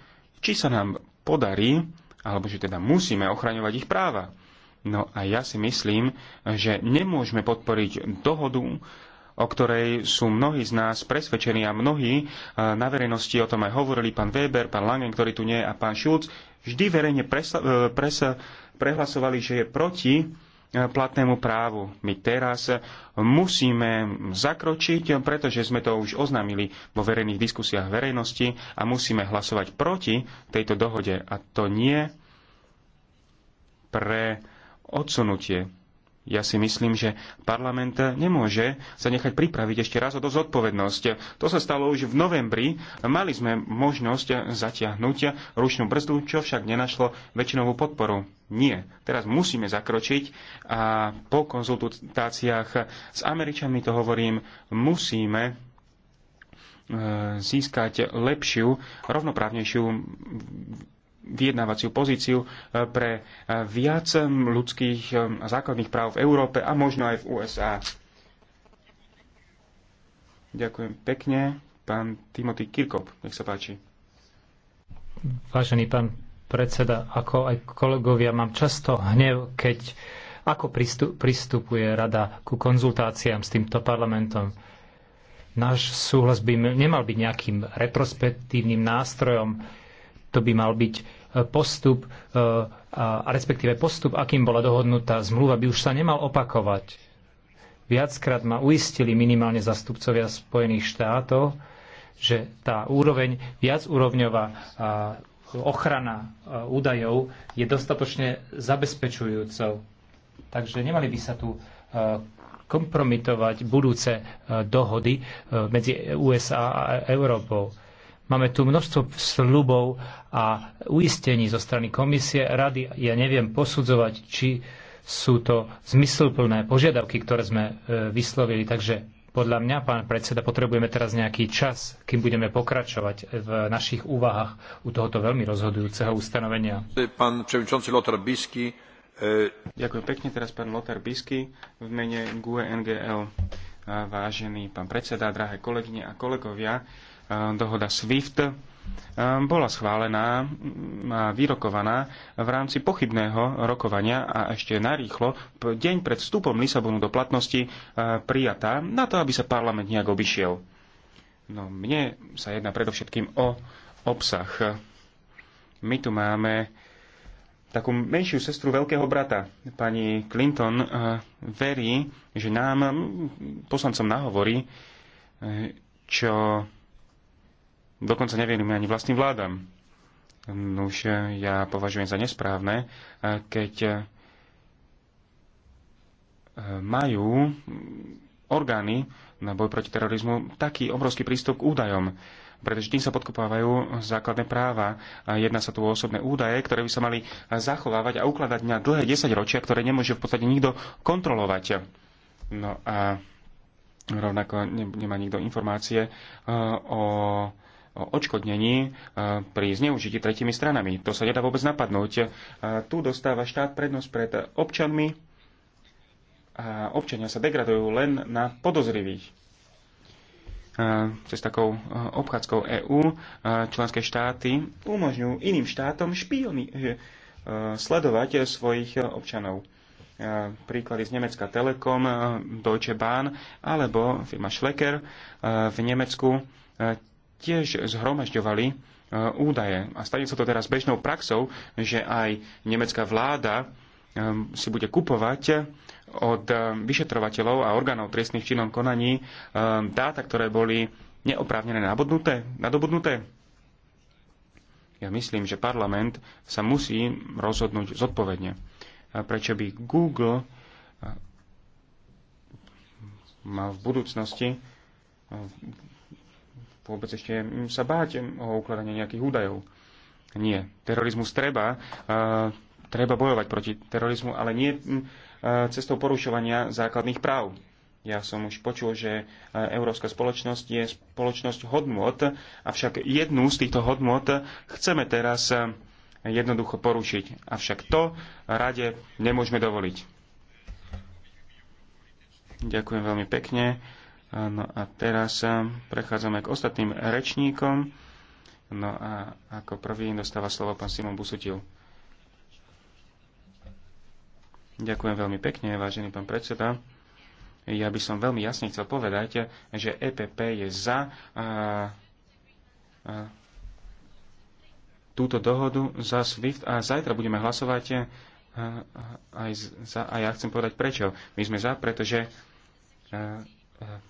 či sa nám podarí, alebo že teda musíme ochraňovať ich práva. No a ja si myslím, že nemôžeme podporiť dohodu, o ktorej sú mnohí z nás presvedčení a mnohí eh, na verejnosti o tom aj hovorili pán Weber, pán Langen, ktorý tu nie je, a pán Schulz, vždy verejne presa, eh, presa, prehlasovali, že je proti eh, platnému právu. My teraz musíme zakročiť, pretože sme to už oznámili vo verejných diskusiách verejnosti a musíme hlasovať proti tejto dohode. A to nie pre odsunutie ja si myslím, že parlament nemôže sa nechať pripraviť ešte raz o to zodpovednosť. To sa stalo už v novembri. Mali sme možnosť zatiahnuť ručnú brzdu, čo však nenašlo väčšinovú podporu. Nie. Teraz musíme zakročiť a po konzultáciách s Američanmi to hovorím, musíme e, získať lepšiu, rovnoprávnejšiu vyjednávaciu pozíciu eh, pre eh, viac eh, ľudských a základných práv v Európe a možno aj v USA. Ďakujem pekne. Pán Timothy Kirkop, nech sa páči. Vážený pán predseda, ako aj kolegovia, mám často hnev, keď ako pristupuje rada ku konzultáciám s týmto parlamentom náš súhlas by nemal byť nejakým retrospektívnym nástrojom, to by mal byť postup eh, a respektíve postup, akým bola dohodnutá zmluva, by už sa nemal opakovať. Viackrát ma uistili minimálne zastupcovia Spojených štátov, že tá úroveň, viacúrovňová eh, ochrana eh, údajov je dostatočne zabezpečujúcou. Takže nemali by sa tu kompromitovať budúce dohody medzi e USA a Európou. Máme tu množstvo slubov a uistení zo strany komisie, rady. Ja neviem posudzovať, či sú to zmysluplné požiadavky, ktoré sme e, vyslovili. Takže podľa mňa, pán predseda, potrebujeme teraz nejaký čas, kým budeme pokračovať v našich úvahách u tohoto veľmi rozhodujúceho ustanovenia. Pán predsedajúci Lothar Bisky. E, Ďakujem pekne teraz pán Lothar Bisky v mene GUE NGL. Vážený pán predseda, drahé kolegyne a kolegovia, dohoda SWIFT e, bola schválená a vyrokovaná v rámci pochybného rokovania a ešte narýchlo deň pred vstupom Lisabonu do platnosti e, prijatá na to, aby sa parlament nejak obišiel. No mne sa jedná predovšetkým o obsah. My tu máme takú menšiu sestru veľkého brata. Pani Clinton e, verí, že nám, poslancom nahovorí, čo dokonca neveríme ani vlastným vládam. Nuž ja považujem za nesprávne, eh, keď eh, majú orgány na boj proti terorizmu taký obrovský prístup k údajom, pretože tým sa podkopávajú základné práva. Jedná sa tu o osobné údaje, ktoré by sa mali zachovávať a ukladať na dlhé desaťročia, ktoré nemôže v podstate nikto kontrolovať. No a rovnako nemá nikto informácie eh, o o odškodnení e, pri zneužití tretimi stranami. To sa nedá vôbec napadnúť. E, tu dostáva štát prednosť pred občanmi a občania sa degradujú len na podozrivých. E, cez takou obchádzkou EÚ členské štáty umožňujú iným štátom špioni, sledovať svojich občanov. Príklady z Nemecka Telekom, Deutsche Bahn alebo firma Schlecker v Nemecku tiež zhromažďovali e, údaje. A stane sa to teraz bežnou praxou, že aj nemecká vláda e, si bude kupovať od e, vyšetrovateľov a orgánov trestných činov konaní dáta, ktoré boli neoprávnené nabodnuté, nadobudnuté. Ja myslím, že parlament sa musí rozhodnúť zodpovedne. Prečo by Google mal v budúcnosti vôbec ešte mm, sa báť mm, o ukladanie nejakých údajov. Nie. Terorizmus treba, uh, treba bojovať proti terorizmu, ale nie uh, cestou porušovania základných práv. Ja som už počul, že európska spoločnosť je spoločnosť hodnot, avšak jednu z týchto hodnot chceme teraz jednoducho porušiť. Avšak to rade nemôžeme dovoliť. Ďakujem veľmi pekne. No a teraz eh, prechádzame k ostatným rečníkom. No a ako prvý dostáva slovo pán Simon Busutil. Ďakujem veľmi pekne, vážený pán predseda. Ja by som veľmi jasne chcel povedať, že EPP je za a, eh, a, eh, túto dohodu, za SWIFT a zajtra budeme hlasovať a, aj za, a ja chcem povedať prečo. My sme za, pretože a,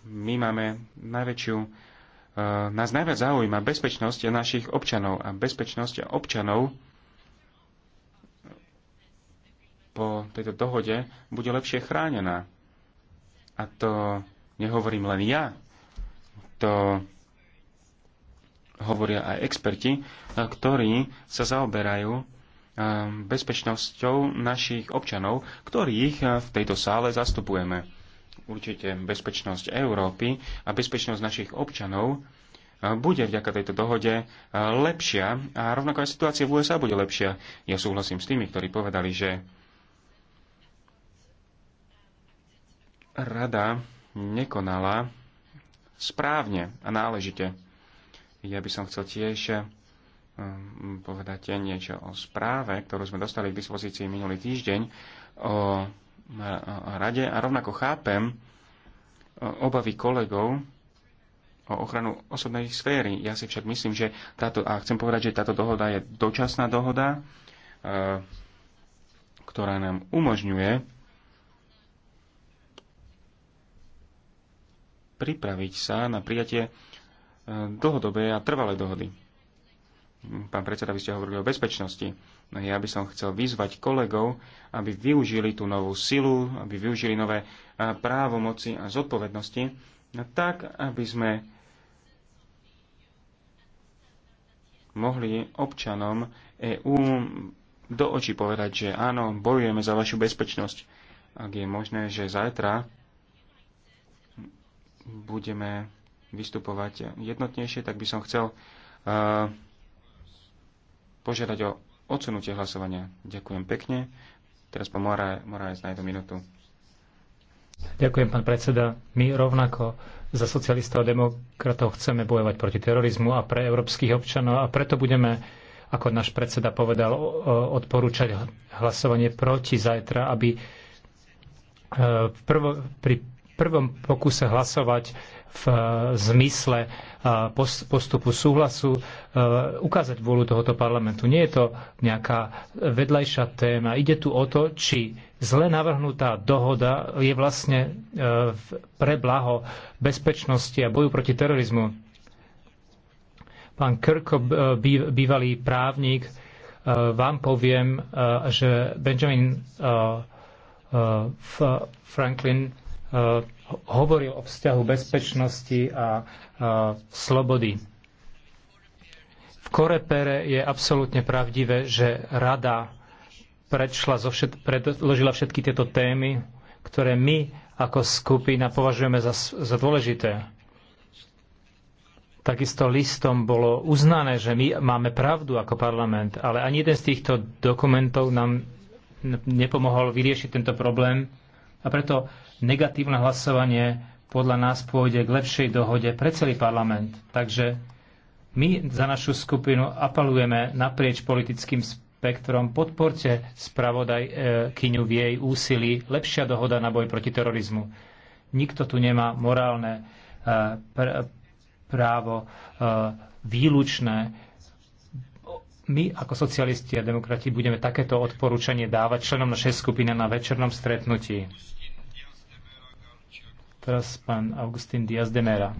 my máme najväčšiu, e, nás najviac zaujíma bezpečnosť našich občanov a bezpečnosť občanov po tejto dohode bude lepšie chránená. A to nehovorím len ja, to hovoria aj experti, e, ktorí sa zaoberajú e, bezpečnosťou našich občanov, ktorých v tejto sále zastupujeme určite bezpečnosť Európy a bezpečnosť našich občanov e, bude vďaka tejto dohode e, lepšia a rovnako aj situácia v USA bude lepšia. Ja súhlasím s tými, ktorí povedali, že rada nekonala správne a náležite. Ja by som chcel tiež e, povedať niečo o správe, ktorú sme dostali k dispozícii minulý týždeň o E, rade a rovnako chápem e, obavy kolegov o ochranu osobnej sféry. Ja si však myslím, že táto, a chcem povedať, že táto dohoda je dočasná dohoda, e, ktorá nám umožňuje pripraviť sa na prijatie dlhodobej a trvalej dohody. Pán predseda, vy ste hovorili o bezpečnosti No ja by som chcel vyzvať kolegov, aby využili tú novú silu, aby využili nové právomoci a zodpovednosti, tak, aby sme mohli občanom EÚ do očí povedať, že áno, bojujeme za vašu bezpečnosť. Ak je možné, že zajtra budeme vystupovať jednotnejšie, tak by som chcel uh, požiadať o odsunutie hlasovania. Ďakujem pekne. Teraz pán moraj na jednu minútu. Ďakujem, pán predseda. My rovnako za socialistov a demokratov chceme bojovať proti terorizmu a pre európskych občanov a preto budeme, ako náš predseda povedal, odporúčať hlasovanie proti zajtra, aby e, v pri prvom pokuse hlasovať v eh, zmysle eh, postupu súhlasu, eh, ukázať vôľu tohoto parlamentu. Nie je to nejaká vedľajšia téma. Ide tu o to, či zle navrhnutá dohoda je vlastne pre blaho bezpečnosti a boju proti terorizmu. Pán Krko, bývalý právnik, vám poviem, že Benjamin Franklin Eh, hovoril o vzťahu bezpečnosti a eh, slobody. V Korepere je absolútne pravdivé, že rada predšla všet, predložila všetky tieto témy, ktoré my ako skupina považujeme za, za dôležité. Takisto listom bolo uznané, že my máme pravdu ako parlament, ale ani jeden z týchto dokumentov nám nepomohol vyriešiť tento problém. A preto negatívne hlasovanie podľa nás pôjde k lepšej dohode pre celý parlament. Takže my za našu skupinu apelujeme naprieč politickým spektrom, podporte spravodajkyňu v jej úsilí lepšia dohoda na boj proti terorizmu. Nikto tu nemá morálne e, právo e, výlučné. My ako socialisti a demokrati budeme takéto odporúčanie dávať členom našej skupiny na večernom stretnutí. Teraz pán Augustín Diaz de Mera.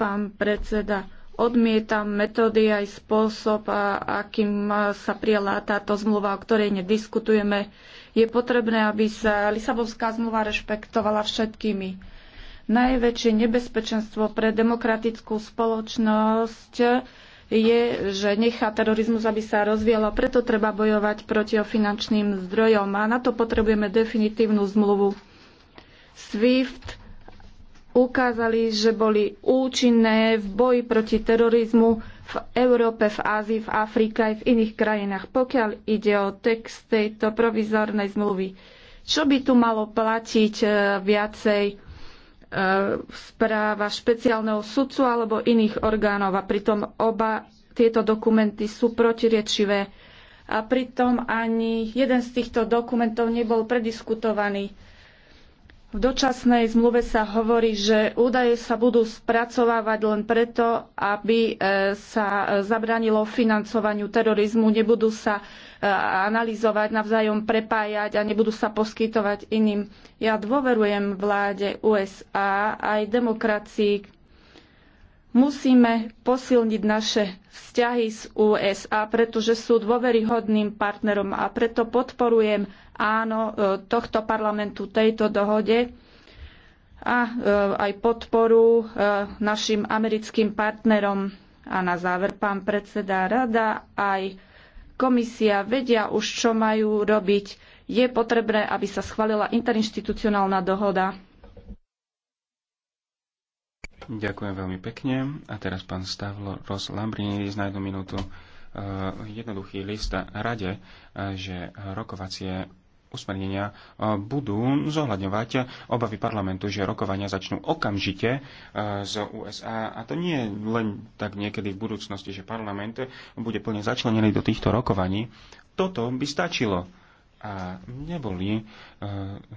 Pán predseda, odmietam metódy aj spôsob, a akým sa prijala táto zmluva, o ktorej nediskutujeme. Je potrebné, aby sa Lisabonská zmluva rešpektovala všetkými. Najväčšie nebezpečenstvo pre demokratickú spoločnosť je, že nechá terorizmus, aby sa rozvíjalo. Preto treba bojovať proti finančným zdrojom a na to potrebujeme definitívnu zmluvu. SWIFT ukázali, že boli účinné v boji proti terorizmu v Európe, v Ázii, v Afrike aj v iných krajinách. Pokiaľ ide o text tejto provizornej zmluvy, čo by tu malo platiť e, viacej e, správa špeciálneho sudcu alebo iných orgánov a pritom oba tieto dokumenty sú protirečivé a pritom ani jeden z týchto dokumentov nebol prediskutovaný v dočasnej zmluve sa hovorí, že údaje sa budú spracovávať len preto, aby e, sa zabranilo financovaniu terorizmu, nebudú sa e, analyzovať, navzájom prepájať a nebudú sa poskytovať iným. Ja dôverujem vláde USA aj demokracii. Musíme posilniť naše vzťahy s USA, pretože sú dôveryhodným partnerom a preto podporujem áno e, tohto parlamentu tejto dohode a e, aj podporu e, našim americkým partnerom. A na záver, pán predseda, rada aj komisia vedia už, čo majú robiť. Je potrebné, aby sa schválila interinstitucionálna dohoda. Ďakujem veľmi pekne. A teraz pán Stavlo Ros Lambrinidis na jednu minútu jednoduchý list rade, že rokovacie usmernenia e, budú zohľadňovať obavy parlamentu, že rokovania začnú okamžite e, z USA. A to nie je len tak niekedy v budúcnosti, že parlament bude plne začlenený do týchto rokovaní. Toto by stačilo a neboli, e,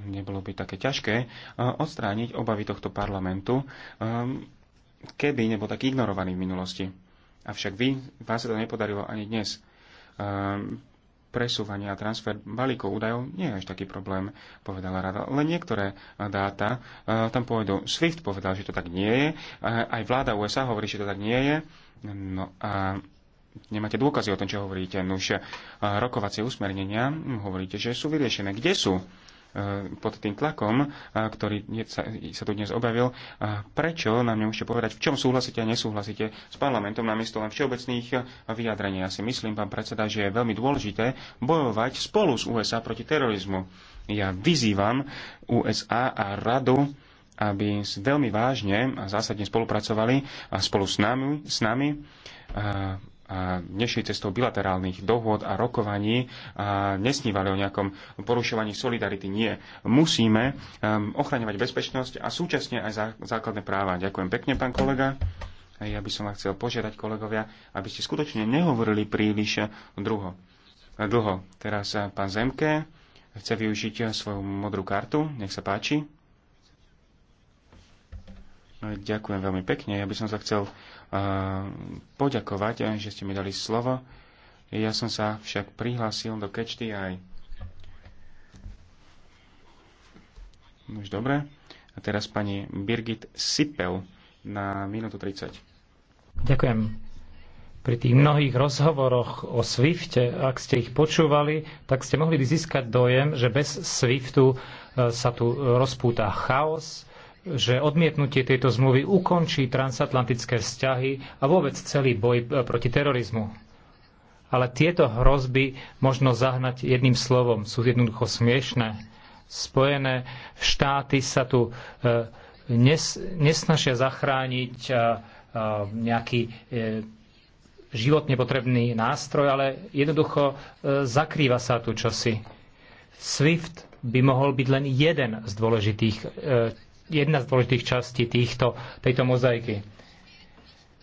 nebolo by také ťažké odstrániť obavy tohto parlamentu, keby nebol tak ignorovaný v minulosti. Avšak vy, vám sa to nepodarilo ani dnes presúvanie a transfer balíkov údajov nie je až taký problém, povedala rada. Len niektoré dáta e, tam pôjdu. SWIFT povedal, že to tak nie je. E, aj vláda USA hovorí, že to tak nie je. No a nemáte dôkazy o tom, čo hovoríte. už e, rokovacie usmernenia hm, hovoríte, že sú vyriešené. Kde sú? Eh, pod tým tlakom, eh, ktorý sa, tu dnes objavil. Prečo nám nemôžete povedať, v čom súhlasíte a nesúhlasíte s parlamentom namiesto len všeobecných eh, vyjadrení? Ja si myslím, pán predseda, že je veľmi dôležité bojovať spolu s USA proti terorizmu. Ja vyzývam USA a radu, aby veľmi vážne a zásadne spolupracovali a spolu s nami, s nami dnešnej cestou bilaterálnych dohôd a rokovaní a nesnívali o nejakom porušovaní solidarity. Nie. Musíme um, ochraňovať bezpečnosť a súčasne aj základné práva. Ďakujem pekne, pán kolega. Ja by som vás chcel požiadať, kolegovia, aby ste skutočne nehovorili príliš druho. dlho. Teraz eh, pán Zemke chce využiť eh, svoju modrú kartu. Nech sa páči. No, ďakujem veľmi pekne. Ja by som sa chcel poďakovať, eh, že ste mi dali slovo. Ja som sa však prihlásil do Catch the Eye. No už dobre. A teraz pani Birgit Sipel na minútu 30. Ďakujem. Pri tých mnohých rozhovoroch o Swifte, ak ste ich počúvali, tak ste mohli získať dojem, že bez Swiftu eh, sa tu eh, rozpúta chaos, že odmietnutie tejto zmluvy ukončí transatlantické vzťahy a vôbec celý boj e, proti terorizmu. Ale tieto hrozby možno zahnať jedným slovom. Sú jednoducho smiešné. Spojené štáty sa tu e, nes, nesnažia zachrániť nejaký e, životne potrebný nástroj, ale jednoducho zakrýva sa tu čosi. SWIFT by mohol byť len jeden z dôležitých jedna z dôležitých častí týchto, tejto mozaiky.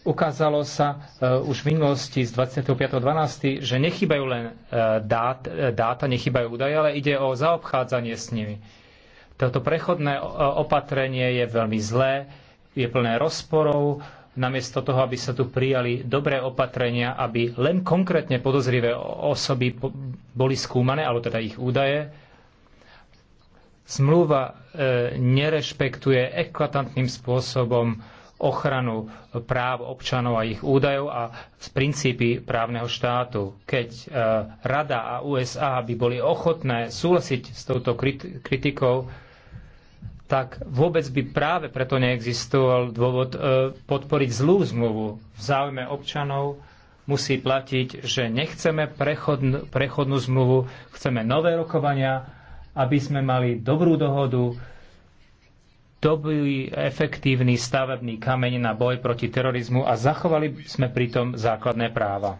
Ukázalo sa uh, už v minulosti z 25.12., že nechybajú len uh, dát, e, dáta, nechybajú údaje, ale ide o zaobchádzanie s nimi. Toto prechodné opatrenie je veľmi zlé, je plné rozporov, namiesto toho, aby sa tu prijali dobré opatrenia, aby len konkrétne podozrivé osoby boli skúmané, alebo teda ich údaje, Zmluva e, nerešpektuje eklatantným spôsobom ochranu práv občanov a ich údajov a z princípy právneho štátu. Keď e, Rada a USA by boli ochotné súhlasiť s touto kritikou, tak vôbec by práve preto neexistoval dôvod e, podporiť zlú zmluvu. V záujme občanov musí platiť, že nechceme prechodn- prechodnú zmluvu, chceme nové rokovania, aby sme mali dobrú dohodu, dobrý, efektívny stavebný kameň na boj proti terorizmu a zachovali sme pritom základné práva.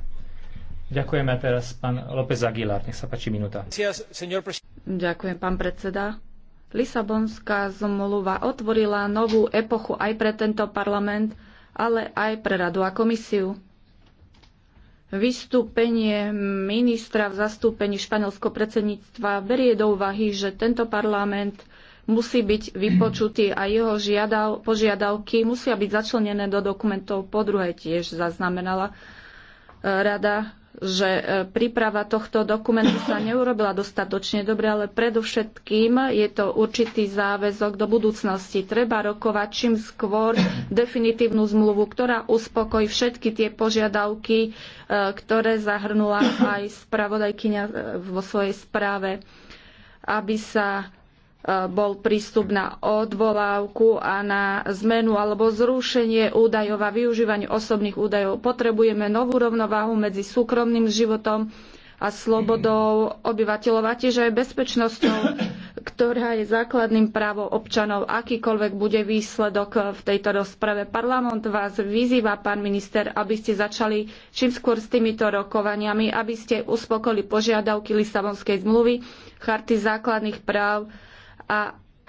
Ďakujeme teraz pán López Aguilar. Nech sa páči minúta. Ďakujem, pán predseda. Lisabonská zmluva otvorila novú epochu aj pre tento parlament, ale aj pre radu a komisiu vystúpenie ministra v zastúpení španielského predsedníctva berie do úvahy, že tento parlament musí byť vypočutý a jeho žiadav, požiadavky musia byť začlenené do dokumentov. Po druhé tiež zaznamenala eh, rada že e, príprava tohto dokumentu sa neurobila dostatočne dobre, ale predovšetkým je to určitý záväzok do budúcnosti. Treba rokovať čím skôr definitívnu zmluvu, ktorá uspokojí všetky tie požiadavky, e, ktoré zahrnula aj spravodajkyňa e, vo svojej správe, aby sa E, bol prístup na odvolávku a na zmenu alebo zrušenie údajov a využívanie osobných údajov. Potrebujeme novú rovnováhu medzi súkromným životom a slobodou obyvateľov a tiež aj bezpečnosťou, ktorá je základným právom občanov. Akýkoľvek bude výsledok v tejto rozprave, parlament vás vyzýva, pán minister, aby ste začali čím skôr s týmito rokovaniami, aby ste uspokojili požiadavky Lisabonskej zmluvy, charty základných práv a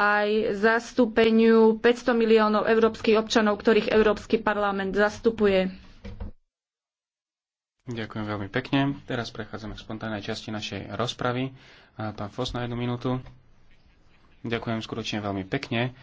aj zastúpeniu 500 miliónov európskych občanov, ktorých Európsky parlament zastupuje. Ďakujem veľmi pekne. Teraz prechádzame k spontánnej časti našej rozpravy. Pán Fos na jednu minútu. Ďakujem skutočne veľmi pekne.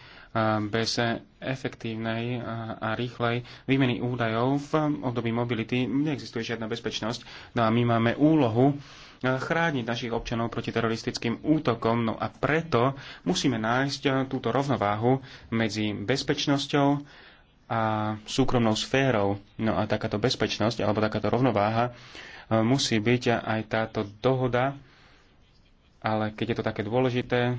Bez efektívnej a rýchlej výmeny údajov v období mobility neexistuje žiadna bezpečnosť. No a my máme úlohu chrániť našich občanov proti teroristickým útokom. No a preto musíme nájsť eh, túto rovnováhu medzi bezpečnosťou a súkromnou sférou. No a takáto bezpečnosť alebo takáto rovnováha eh, musí byť aj táto dohoda, ale keď je to také dôležité,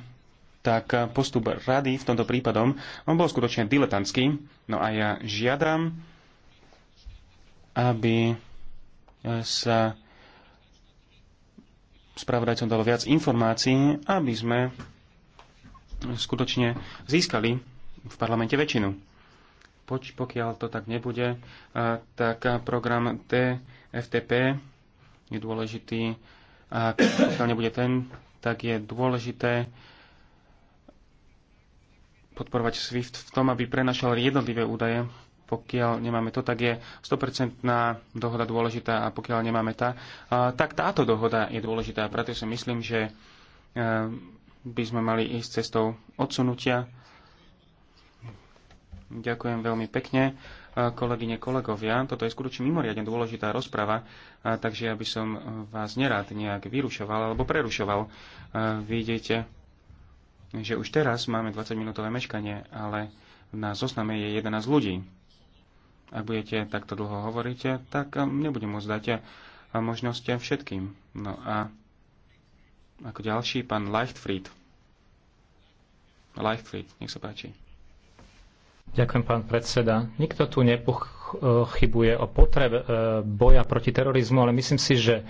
tak postup rady v tomto prípadom, on bol skutočne diletantský. No a ja žiadam, aby eh, sa spravodajcom dalo viac informácií, aby sme skutočne získali v parlamente väčšinu. Poč, pokiaľ to tak nebude, tak program TFTP je dôležitý a pokiaľ nebude ten, tak je dôležité podporovať SWIFT v tom, aby prenašal jednotlivé údaje pokiaľ nemáme to, tak je 100% dohoda dôležitá a pokiaľ nemáme tá, tak táto dohoda je dôležitá. Preto si myslím, že e, by sme mali ísť cestou odsunutia. Ďakujem veľmi pekne e, kolegyne, kolegovia. Toto je skutočne mimoriadne dôležitá rozprava, e, takže ja by som vás nerád nejak vyrušoval alebo prerušoval. Vidíte, že už teraz máme 20-minútové meškanie, ale na zozname je 11 ľudí ak budete takto dlho hovoriť, tak um, nebudem môcť dať um, možnosť všetkým. No a ako ďalší pán Leichtfried. Leichtfried, nech sa páči. Ďakujem, pán predseda. Nikto tu nepochybuje o potrebe e, boja proti terorizmu, ale myslím si, že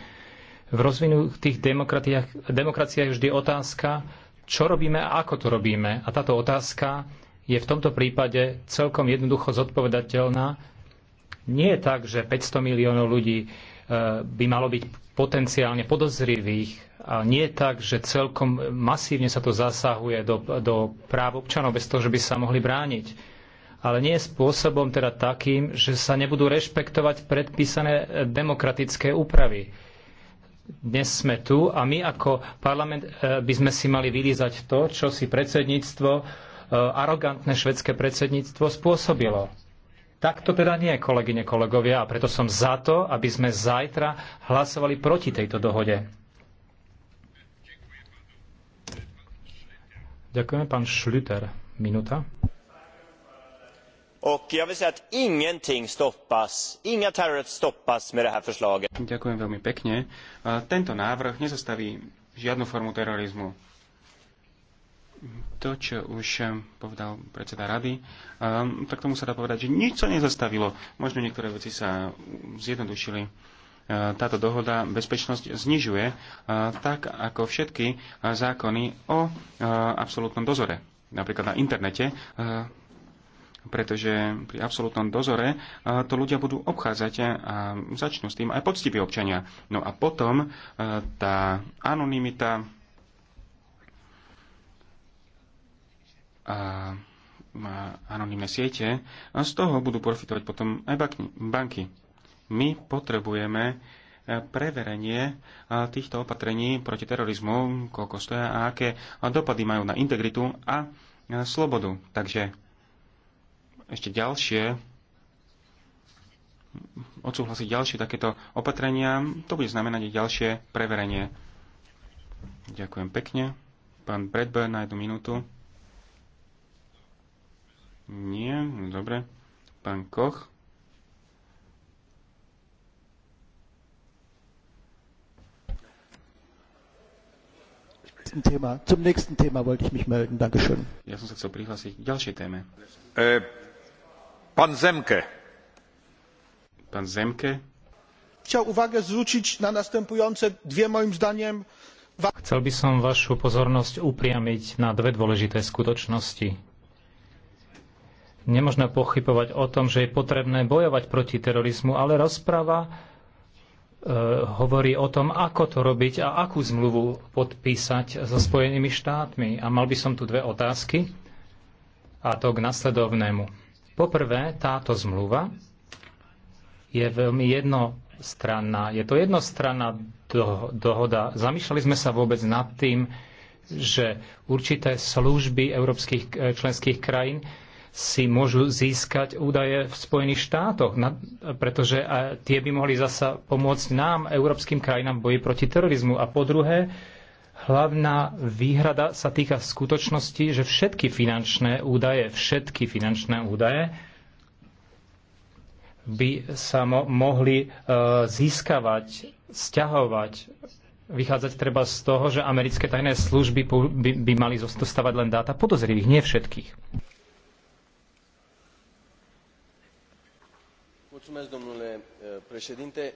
v rozvinutých demokraciách, demokraciách je vždy otázka, čo robíme a ako to robíme. A táto otázka je v tomto prípade celkom jednoducho zodpovedateľná. Nie je tak, že 500 miliónov ľudí e, by malo byť potenciálne podozrivých a nie je tak, že celkom masívne sa to zasahuje do, do práv občanov bez toho, že by sa mohli brániť ale nie spôsobom teda takým, že sa nebudú rešpektovať predpísané e, demokratické úpravy. Dnes sme tu a my ako parlament e, by sme si mali vylízať to, čo si predsedníctvo E, arogantné švedské predsedníctvo spôsobilo. Tak to teda nie, kolegyne, kolegovia, a preto som za to, aby sme zajtra hlasovali proti tejto dohode. Ďakujeme, pán Schlüter. Minúta. Och jag vill säga att ingenting stoppas, inga stoppas med det här förslaget. Ďakujem veľmi pekne. E, tento návrh nezastaví žiadnu formu terorizmu to, čo už eh, povedal predseda rady, eh, tak tomu sa dá povedať, že nič sa nezastavilo. Možno niektoré veci sa zjednodušili. Eh, táto dohoda bezpečnosť znižuje, tak ako všetky zákony o absolútnom dozore. Napríklad na internete, pretože pri absolútnom dozore to ľudia budú obchádzať a začnú s tým aj poctiví občania. No a potom tá anonimita a anonimné siete a z toho budú profitovať potom aj banky. My potrebujeme e, preverenie e, týchto opatrení proti terorizmu, koľko stoja a aké dopady majú na integritu a e, slobodu. Takže ešte ďalšie odsúhlasiť ďalšie takéto opatrenia, to bude znamenať ďalšie preverenie. Ďakujem pekne. Pán Bradburn na jednu minútu. Nie, no dobre. Pán Koch. Thema. Zum nächsten Thema wollte ich mich melden. Dankeschön. Ja som sa chcel prihlásiť k ďalšej téme. E, pán Zemke. Pán Zemke. Chcel uwagę zwrócić na następujące dwie moim zdaniem... Chcel by som vašu pozornosť upriamiť na dve dôležité skutočnosti. Nemožno pochybovať o tom, že je potrebné bojovať proti terorizmu, ale rozprava e, hovorí o tom, ako to robiť a akú zmluvu podpísať so Spojenými štátmi. A mal by som tu dve otázky, a to k nasledovnému. Poprvé, táto zmluva je veľmi jednostranná. Je to jednostranná do, dohoda. Zamýšľali sme sa vôbec nad tým, že určité služby európskych e, členských krajín si môžu získať údaje v Spojených štátoch, pretože tie by mohli zasa pomôcť nám, európskym krajinám, v boji proti terorizmu. A po druhé, hlavná výhrada sa týka skutočnosti, že všetky finančné údaje, všetky finančné údaje by sa mo- mohli e, získavať, stiahovať. Vychádzať treba z toho, že americké tajné služby by, by mali zostávať len dáta podozrivých, nie všetkých. Eh,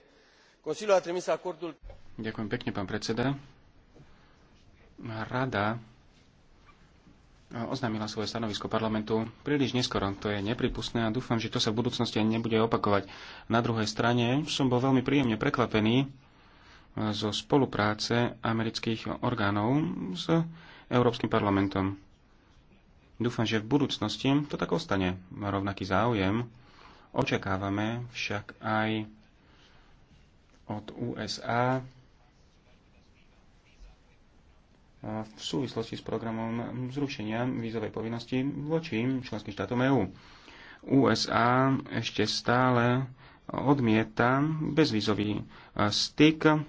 Consiliul a trimis acordul... Ďakujem pekne, pán predseda. Rada eh, oznámila svoje stanovisko parlamentu príliš neskoro. To je nepripustné a dúfam, že to sa v budúcnosti ani nebude opakovať. Na druhej strane som bol veľmi príjemne prekvapený eh, zo spolupráce amerických orgánov s Európskym parlamentom. Dúfam, že v budúcnosti to tak ostane. Rovnaký záujem Očakávame však aj od USA v súvislosti s programom zrušenia vízovej povinnosti voči členským štátom EÚ. USA ešte stále odmieta bezvízový styk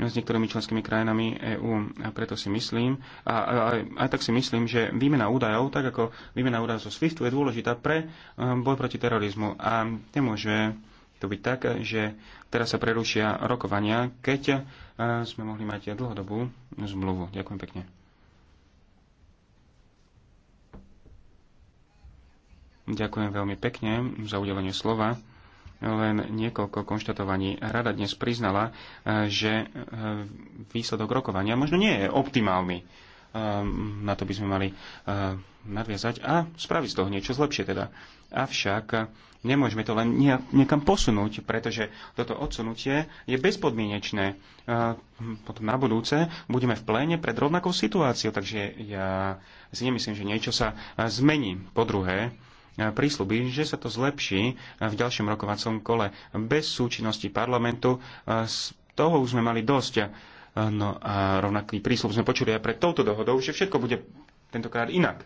s niektorými členskými krajinami EÚ. A preto si myslím, a, a, a aj tak si myslím, že výmena údajov, tak ako výmena údajov zo SWIFTu, je dôležitá pre e, boj proti terorizmu. A nemôže to byť tak, že teraz sa prerušia rokovania, keď e, sme mohli mať dlhodobú zmluvu. Ďakujem pekne. Ďakujem veľmi pekne za udelenie slova len niekoľko konštatovaní. Rada dnes priznala, e, že e, výsledok rokovania možno nie je optimálny. E, na to by sme mali nadviazať a spraviť z toho niečo zlepšie teda. Avšak nemôžeme to len niekam posunúť, pretože toto odsunutie je bezpodmienečné. Potom na budúce budeme v pléne pred rovnakou situáciou, takže ja si nemyslím, že niečo sa zmení. Po druhé, E, prísľuby, že sa to zlepší v ďalšom rokovacom kole. Bez súčinnosti parlamentu z e, toho už sme mali dosť. E, no a rovnaký prísľub sme počuli aj pred touto dohodou, že všetko bude tentokrát inak.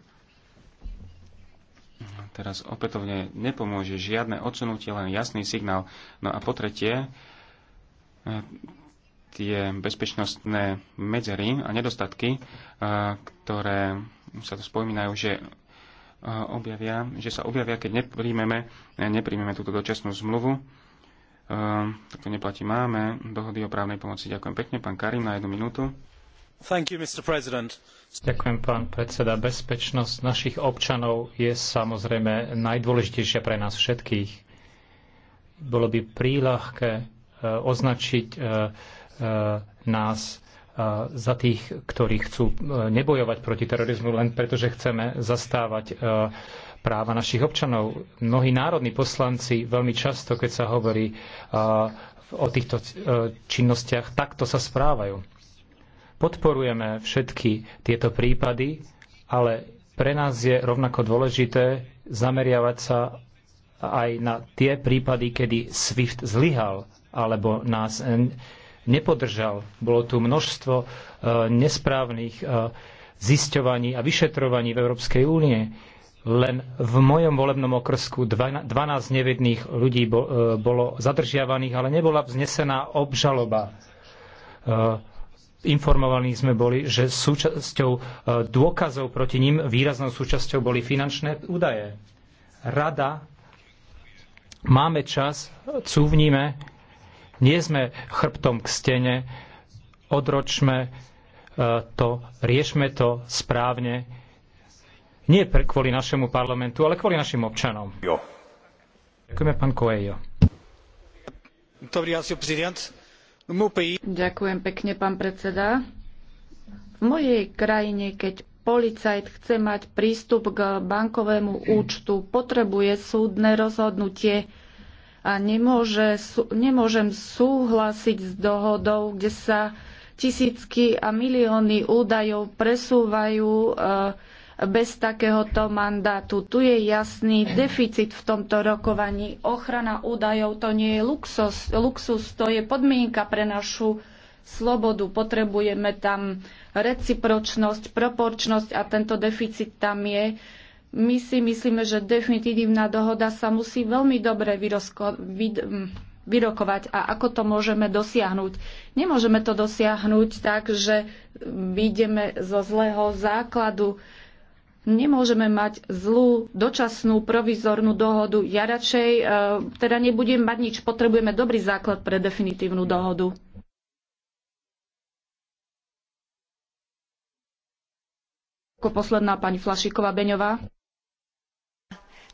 Teraz opätovne nepomôže žiadne odsunutie, len jasný signál. No a po tretie, tie bezpečnostné medzery a nedostatky, ktoré sa tu spomínajú, že objavia, že sa objavia, keď nepríjmeme, nepríjmeme túto dočasnú zmluvu. Tak to neplatí. Máme dohody o právnej pomoci. Ďakujem pekne. Pán Karim na jednu minútu. You, Ďakujem, pán predseda. Bezpečnosť našich občanov je samozrejme najdôležitejšia pre nás všetkých. Bolo by príľahké e, označiť e, e, nás za tých, ktorí chcú e, nebojovať proti terorizmu len preto, že chceme zastávať e, práva našich občanov. Mnohí národní poslanci veľmi často, keď sa hovorí e, o týchto činnostiach, takto sa správajú. Podporujeme všetky tieto prípady, ale pre nás je rovnako dôležité zameriavať sa aj na tie prípady, kedy SWIFT zlyhal alebo nás nepodržal. Bolo tu množstvo e, nesprávnych e, zisťovaní a vyšetrovaní v Európskej únie. Len v mojom volebnom okrsku 12 nevedných ľudí e, bolo zadržiavaných, ale nebola vznesená obžaloba. Informovaní sme boli, že súčasťou dôkazov proti ním výraznou súčasťou boli finančné údaje. Rada, máme čas, cúvnime, nie sme chrbtom k stene, odročme e, to, riešme to správne. Nie pre, kvôli našemu parlamentu, ale kvôli našim občanom. Jo. Ďakujeme, pán Coelho. No Ďakujem pekne, pán predseda. V mojej krajine, keď policajt chce mať prístup k bankovému účtu, potrebuje súdne rozhodnutie, a nemôže, nemôžem súhlasiť s dohodou, kde sa tisícky a milióny údajov presúvajú eh, bez takéhoto mandátu. Tu je jasný deficit v tomto rokovaní. Ochrana údajov to nie je luxus, luxus to je podmienka pre našu slobodu. Potrebujeme tam recipročnosť, proporčnosť a tento deficit tam je. My si myslíme, že definitívna dohoda sa musí veľmi dobre vyrozko- vy- vyrokovať a ako to môžeme dosiahnuť. Nemôžeme to dosiahnuť tak, že vyjdeme zo zlého základu. Nemôžeme mať zlú, dočasnú, provizornú dohodu. Ja radšej e, teda nebudem mať nič. Potrebujeme dobrý základ pre definitívnu dohodu. Ako posledná pani Flašiková Beňová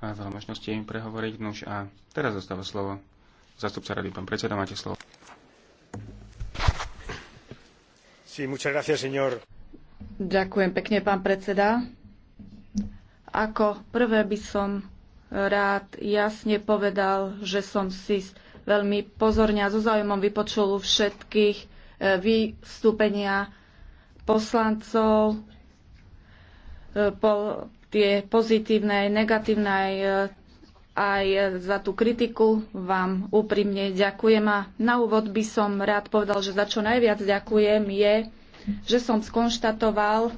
veľa možností prehovoriť. Nuž a teraz zostáva slovo zastupca rady, pán predseda, máte slovo. Sí, gracias, Ďakujem pekne, pán predseda. Ako prvé by som rád jasne povedal, že som si veľmi pozorne a so záujmom vypočul všetkých e, vystúpenia poslancov, e, tie pozitívne, aj negatívne, aj, aj za tú kritiku vám úprimne ďakujem. A na úvod by som rád povedal, že za čo najviac ďakujem je, že som skonštatoval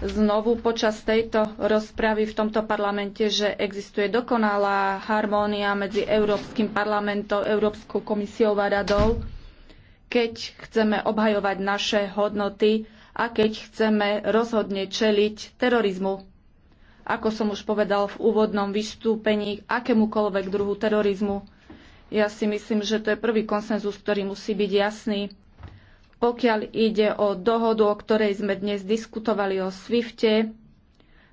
znovu počas tejto rozpravy v tomto parlamente, že existuje dokonalá harmónia medzi Európskym parlamentom, Európskou komisiou a radou, keď chceme obhajovať naše hodnoty a keď chceme rozhodne čeliť terorizmu ako som už povedal v úvodnom vystúpení, akémukoľvek druhu terorizmu. Ja si myslím, že to je prvý konsenzus, ktorý musí byť jasný. Pokiaľ ide o dohodu, o ktorej sme dnes diskutovali o Swifte,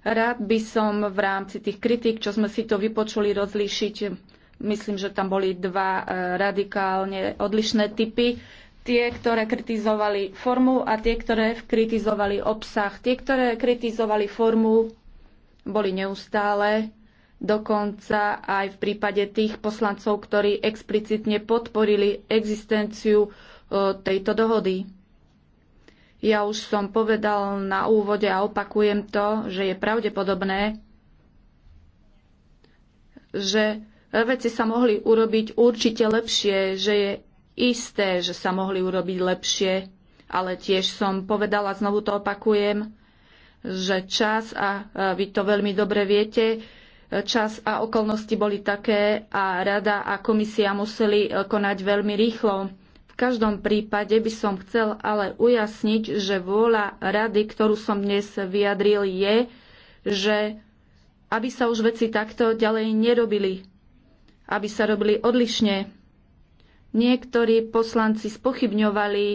rád by som v rámci tých kritík, čo sme si to vypočuli, rozlíšiť. Myslím, že tam boli dva e, radikálne odlišné typy tie, ktoré kritizovali formu a tie, ktoré kritizovali obsah. Tie, ktoré kritizovali formu, boli neustále, dokonca aj v prípade tých poslancov, ktorí explicitne podporili existenciu e, tejto dohody. Ja už som povedal na úvode a opakujem to, že je pravdepodobné, že veci sa mohli urobiť určite lepšie, že je isté, že sa mohli urobiť lepšie, ale tiež som povedala, znovu to opakujem, že čas, a vy to veľmi dobre viete, čas a okolnosti boli také a rada a komisia museli e, konať veľmi rýchlo. V každom prípade by som chcel ale ujasniť, že vôľa rady, ktorú som dnes vyjadril, je, že aby sa už veci takto ďalej nerobili, aby sa robili odlišne. Niektorí poslanci spochybňovali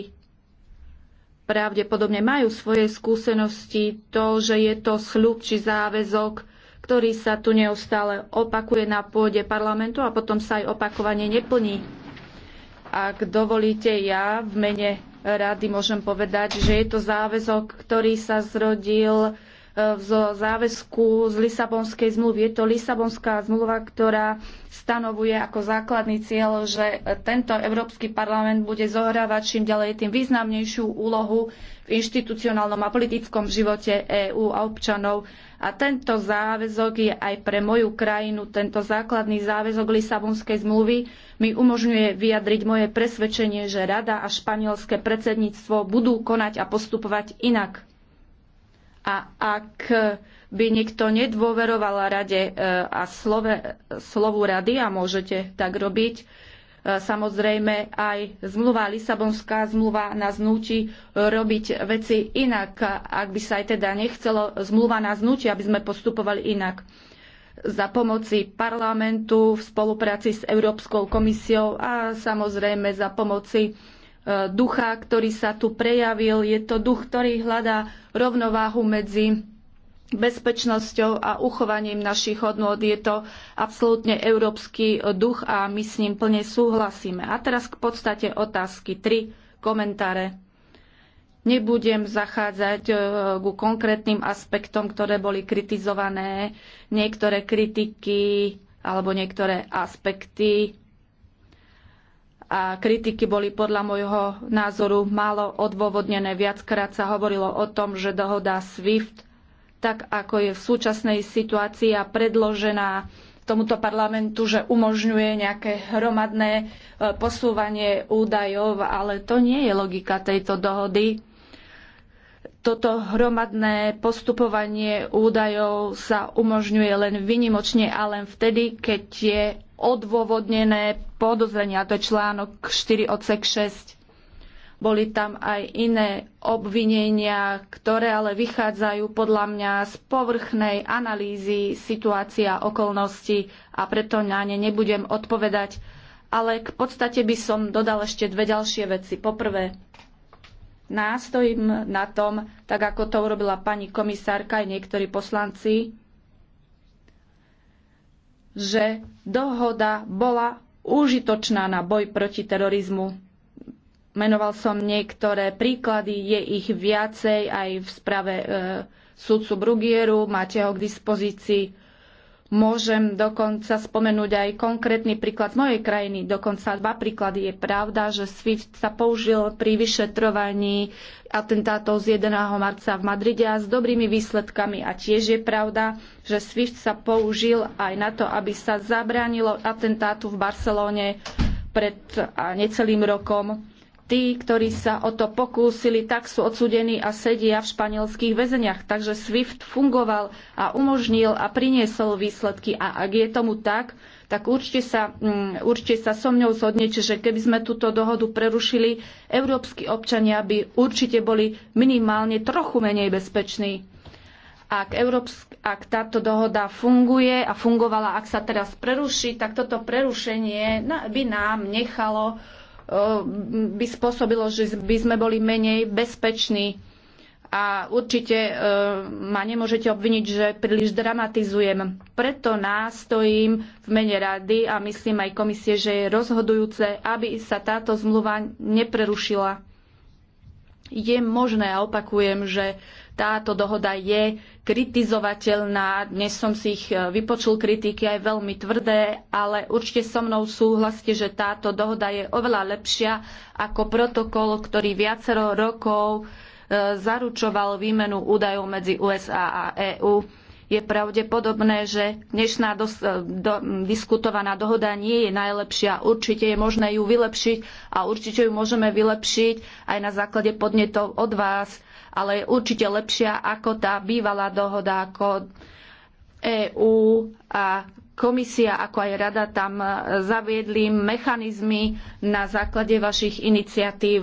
pravdepodobne majú svoje skúsenosti, to, že je to sľub či záväzok, ktorý sa tu neustále opakuje na pôde parlamentu a potom sa aj opakovanie neplní. Ak dovolíte, ja v mene rady môžem povedať, že je to záväzok, ktorý sa zrodil z záväzku z Lisabonskej zmluvy. Je to Lisabonská zmluva, ktorá stanovuje ako základný cieľ, že tento Európsky parlament bude zohrávať čím ďalej tým významnejšiu úlohu v inštitucionálnom a politickom živote EÚ a občanov. A tento záväzok je aj pre moju krajinu, tento základný záväzok Lisabonskej zmluvy mi umožňuje vyjadriť moje presvedčenie, že Rada a španielské predsedníctvo budú konať a postupovať inak a ak by niekto nedôveroval rade e, a slove, slovu rady, a môžete tak robiť, e, samozrejme aj zmluva, Lisabonská zmluva nás núti robiť veci inak, ak by sa aj teda nechcelo, zmluva nás núti, aby sme postupovali inak za pomoci parlamentu v spolupráci s Európskou komisiou a samozrejme za pomoci E, ducha, ktorý sa tu prejavil. Je to duch, ktorý hľadá rovnováhu medzi bezpečnosťou a uchovaním našich hodnôt. Je to absolútne európsky duch a my s ním plne súhlasíme. A teraz k podstate otázky. Tri komentáre. Nebudem zachádzať e, ku konkrétnym aspektom, ktoré boli kritizované. Niektoré kritiky alebo niektoré aspekty a kritiky boli podľa môjho názoru málo odôvodnené. Viackrát sa hovorilo o tom, že dohoda SWIFT, tak ako je v súčasnej situácii a predložená tomuto parlamentu, že umožňuje nejaké hromadné e, posúvanie údajov, ale to nie je logika tejto dohody. Toto hromadné postupovanie údajov sa umožňuje len vynimočne a len vtedy, keď je odôvodnené podozrenia, to je článok 4 odsek 6. Boli tam aj iné obvinenia, ktoré ale vychádzajú podľa mňa z povrchnej analýzy situácia okolnosti a preto na ne nebudem odpovedať. Ale k podstate by som dodal ešte dve ďalšie veci. Poprvé, nástojím na tom, tak ako to urobila pani komisárka aj niektorí poslanci, že dohoda bola užitočná na boj proti terorizmu. Menoval som niektoré príklady, je ich viacej aj v sprave e, sudcu Brugieru, máte ho k dispozícii. Môžem dokonca spomenúť aj konkrétny príklad mojej krajiny. Dokonca dva príklady. Je pravda, že SWIFT sa použil pri vyšetrovaní atentátov z 1. marca v Madride a s dobrými výsledkami. A tiež je pravda, že SWIFT sa použil aj na to, aby sa zabránilo atentátu v Barcelóne pred necelým rokom Tí, ktorí sa o to pokúsili, tak sú odsudení a sedia v španielských väzeniach. Takže SWIFT fungoval a umožnil a priniesol výsledky. A ak je tomu tak, tak určite sa, um, určite sa so mňou zhodnete, že keby sme túto dohodu prerušili, európsky občania by určite boli minimálne trochu menej bezpeční ak, Európsk, ak táto dohoda funguje a fungovala, ak sa teraz preruší, tak toto prerušenie by nám nechalo Eh, by spôsobilo, že by sme boli menej bezpeční. A určite eh, ma nemôžete obviniť, že príliš dramatizujem. Preto nástojím v mene rady a myslím aj komisie, že je rozhodujúce, aby sa táto zmluva neprerušila. Je možné, a opakujem, že táto dohoda je kritizovateľná. Dnes som si ich e, vypočul kritiky aj veľmi tvrdé, ale určite so mnou súhlasíte, že táto dohoda je oveľa lepšia ako protokol, ktorý viacero rokov e, zaručoval výmenu údajov medzi USA a EÚ. Je pravdepodobné, že dnešná dos- e, do- diskutovaná dohoda nie je najlepšia. Určite je možné ju vylepšiť a určite ju môžeme vylepšiť aj na základe podnetov od vás ale je určite lepšia ako tá bývalá dohoda, ako EÚ a komisia, ako aj rada tam zaviedli mechanizmy na základe vašich iniciatív.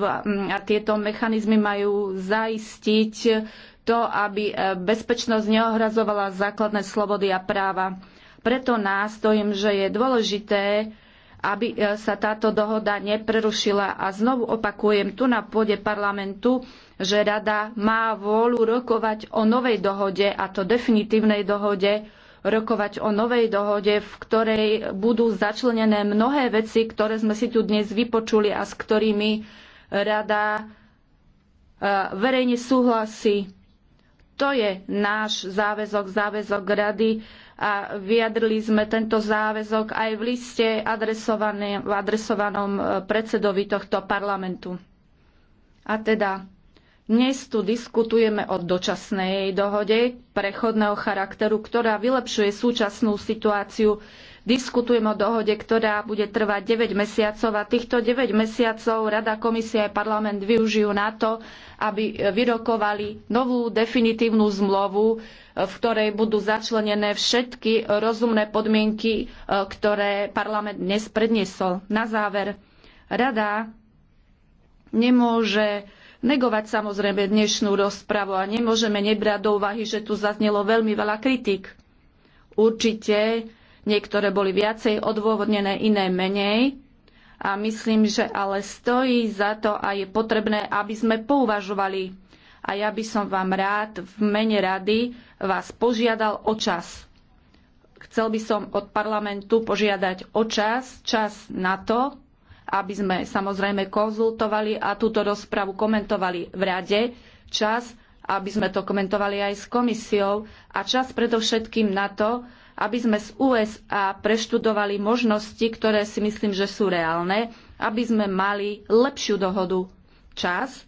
A tieto mechanizmy majú zaistiť to, aby bezpečnosť neohrazovala základné slobody a práva. Preto nástojím, že je dôležité, aby sa táto dohoda neprerušila. A znovu opakujem, tu na pôde parlamentu že rada má vôľu rokovať o novej dohode, a to definitívnej dohode, rokovať o novej dohode, v ktorej budú začlenené mnohé veci, ktoré sme si tu dnes vypočuli a s ktorými rada e, verejne súhlasí. To je náš záväzok, záväzok rady a vyjadrili sme tento záväzok aj v liste adresovanom e, predsedovi tohto parlamentu. A teda dnes tu diskutujeme o dočasnej dohode prechodného charakteru, ktorá vylepšuje súčasnú situáciu. Diskutujeme o dohode, ktorá bude trvať 9 mesiacov a týchto 9 mesiacov Rada, Komisia a parlament využijú na to, aby vyrokovali novú definitívnu zmluvu, v ktorej budú začlenené všetky rozumné podmienky, e, ktoré parlament dnes predniesol. Na záver, Rada nemôže negovať samozrejme dnešnú rozpravu a nemôžeme nebrať do úvahy, že tu zaznelo veľmi veľa kritik. Určite niektoré boli viacej odôvodnené, iné menej. A myslím, že ale stojí za to a je potrebné, aby sme pouvažovali. A ja by som vám rád v mene rady vás požiadal o čas. Chcel by som od parlamentu požiadať o čas, čas na to, aby sme samozrejme konzultovali a túto rozpravu komentovali v rade. Čas, aby sme to komentovali aj s komisiou a čas predovšetkým na to, aby sme z USA preštudovali možnosti, ktoré si myslím, že sú reálne, aby sme mali lepšiu dohodu. Čas,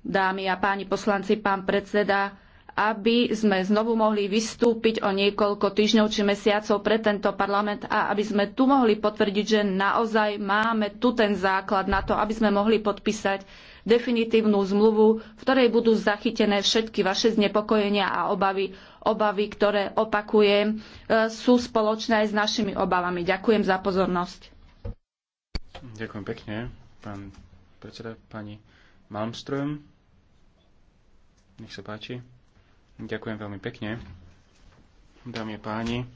dámy a páni poslanci, pán predseda, aby sme znovu mohli vystúpiť o niekoľko týždňov či mesiacov pre tento parlament a aby sme tu mohli potvrdiť, že naozaj máme tu ten základ na to, aby sme mohli podpísať definitívnu zmluvu, v ktorej budú zachytené všetky vaše znepokojenia a obavy, obavy, ktoré opakujem, e, sú spoločné aj s našimi obavami. Ďakujem za pozornosť. Ďakujem pekne, pán predseda, pani Malmström. Nech sa páči. Ďakujem veľmi pekne. Dámy a páni, e,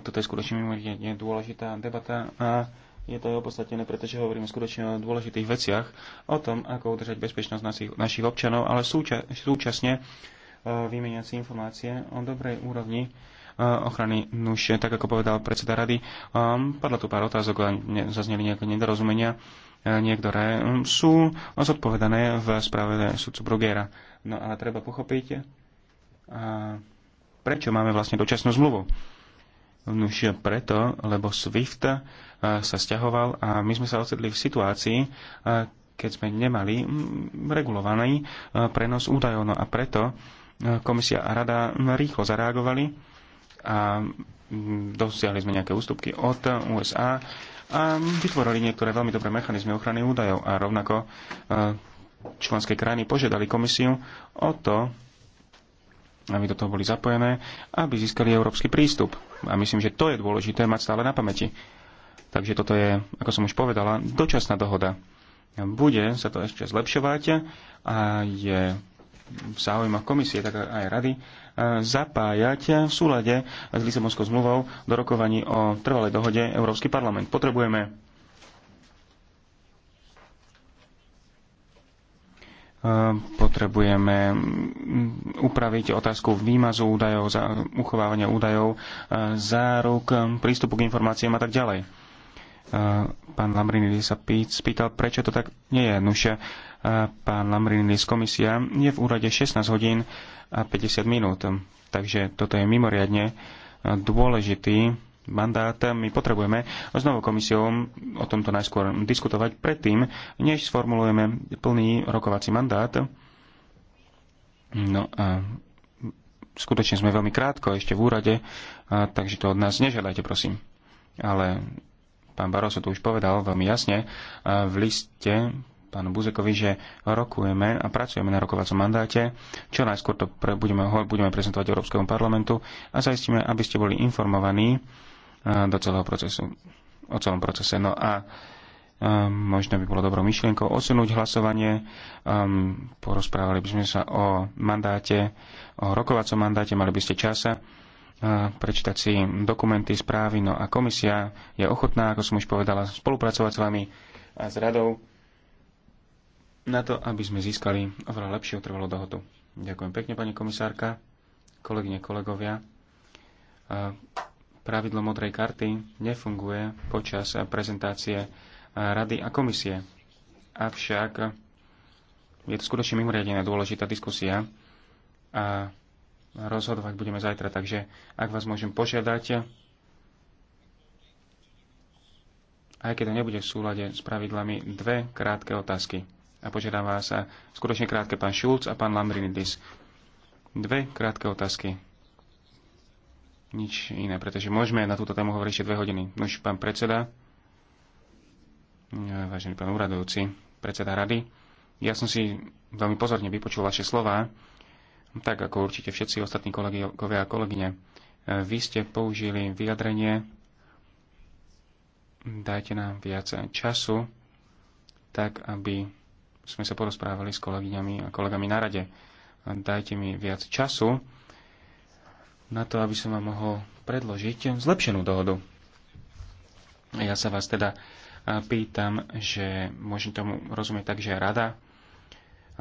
toto je skutočne mimoriadne dôležitá debata a je to aj opodstatnené, pretože hovoríme skutočne o dôležitých veciach, o tom, ako udržať bezpečnosť našich, našich občanov, ale súča, súčasne e, vymeniať si informácie o dobrej úrovni e, ochrany. nuše, tak, ako povedal predseda rady, padlo tu pár otázok a zazneli nejaké nedorozumenia. Niektoré mm, sú zodpovedané v správe sudcu Brugera. No ale treba pochopiť, a prečo máme vlastne dočasnú zmluvu? Už preto, lebo SWIFT e, sa stiahoval a my sme sa ocitli v situácii, e, keď sme nemali regulovaný e, prenos údajov. No a preto komisia a rada rýchlo zareagovali a dosiahli sme nejaké ústupky od USA a vytvorili niektoré veľmi dobré mechanizmy ochrany údajov a rovnako členské krajiny požiadali komisiu o to, aby do toho boli zapojené, aby získali európsky prístup. A myslím, že to je dôležité mať stále na pamäti. Takže toto je, ako som už povedala, dočasná dohoda. Bude sa to ešte zlepšovať a je v záujmoch komisie, tak aj rady, e, zapájať v súlade s Lisabonskou zmluvou do rokovaní o trvalej dohode Európsky parlament. Potrebujeme potrebujeme mm, upraviť otázku výmazu údajov, za uchovávania údajov, e, záruk, e, prístupu k informáciám a tak ďalej. E, pán Lambrinidis sa spýtal, prečo to tak nie je. Nuž, pán Lambrinidis komisia je v úrade 16 hodín a 50 minút. Takže toto je mimoriadne dôležitý mandát, my potrebujeme s novou komisiou o tomto najskôr diskutovať predtým, než sformulujeme plný rokovací mandát. No a skutočne sme veľmi krátko ešte v úrade, a, takže to od nás nežiadajte, prosím. Ale pán Baroso to už povedal veľmi jasne a v liste pánu Buzekovi, že rokujeme a pracujeme na rokovacom mandáte. Čo najskôr to pre, budeme, budeme prezentovať Európskemu parlamentu a zaistíme, aby ste boli informovaní do celého procesu, o celom procese. No a možno by bolo dobrou myšlienkou osunúť hlasovanie. Um, porozprávali by sme sa o mandáte, o rokovacom mandáte, mali by ste časa prečítať si dokumenty, správy. No a komisia je ochotná, ako som už povedala, spolupracovať s vami a s radou na to, aby sme získali oveľa lepšiu trvalú dohodu. Ďakujem pekne, pani komisárka, kolegyne, kolegovia pravidlo modrej karty nefunguje počas prezentácie eh, rady a komisie. Avšak je to skutočne mimoriadne dôležitá diskusia a rozhodovať budeme zajtra. Takže ak vás môžem požiadať, aj keď to nebude v súlade s pravidlami, dve krátke otázky. A požiadam vás a skutočne krátke pán Šulc a pán Lambrinidis. Dve krátke otázky nič iné, pretože môžeme na túto tému hovoriť ešte dve hodiny. Nož pán predseda, e, vážený pán úradujúci, predseda rady, ja som si veľmi pozorne vypočul vaše slova, tak ako určite všetci ostatní kolegovia a kolegyne. E, vy ste použili vyjadrenie, dajte nám viac času, tak aby sme sa porozprávali s kolegyňami a kolegami na rade. Dajte mi viac času, na to, aby som vám mohol predložiť zlepšenú dohodu. Ja sa vás teda pýtam, že môžem tomu rozumieť tak, že rada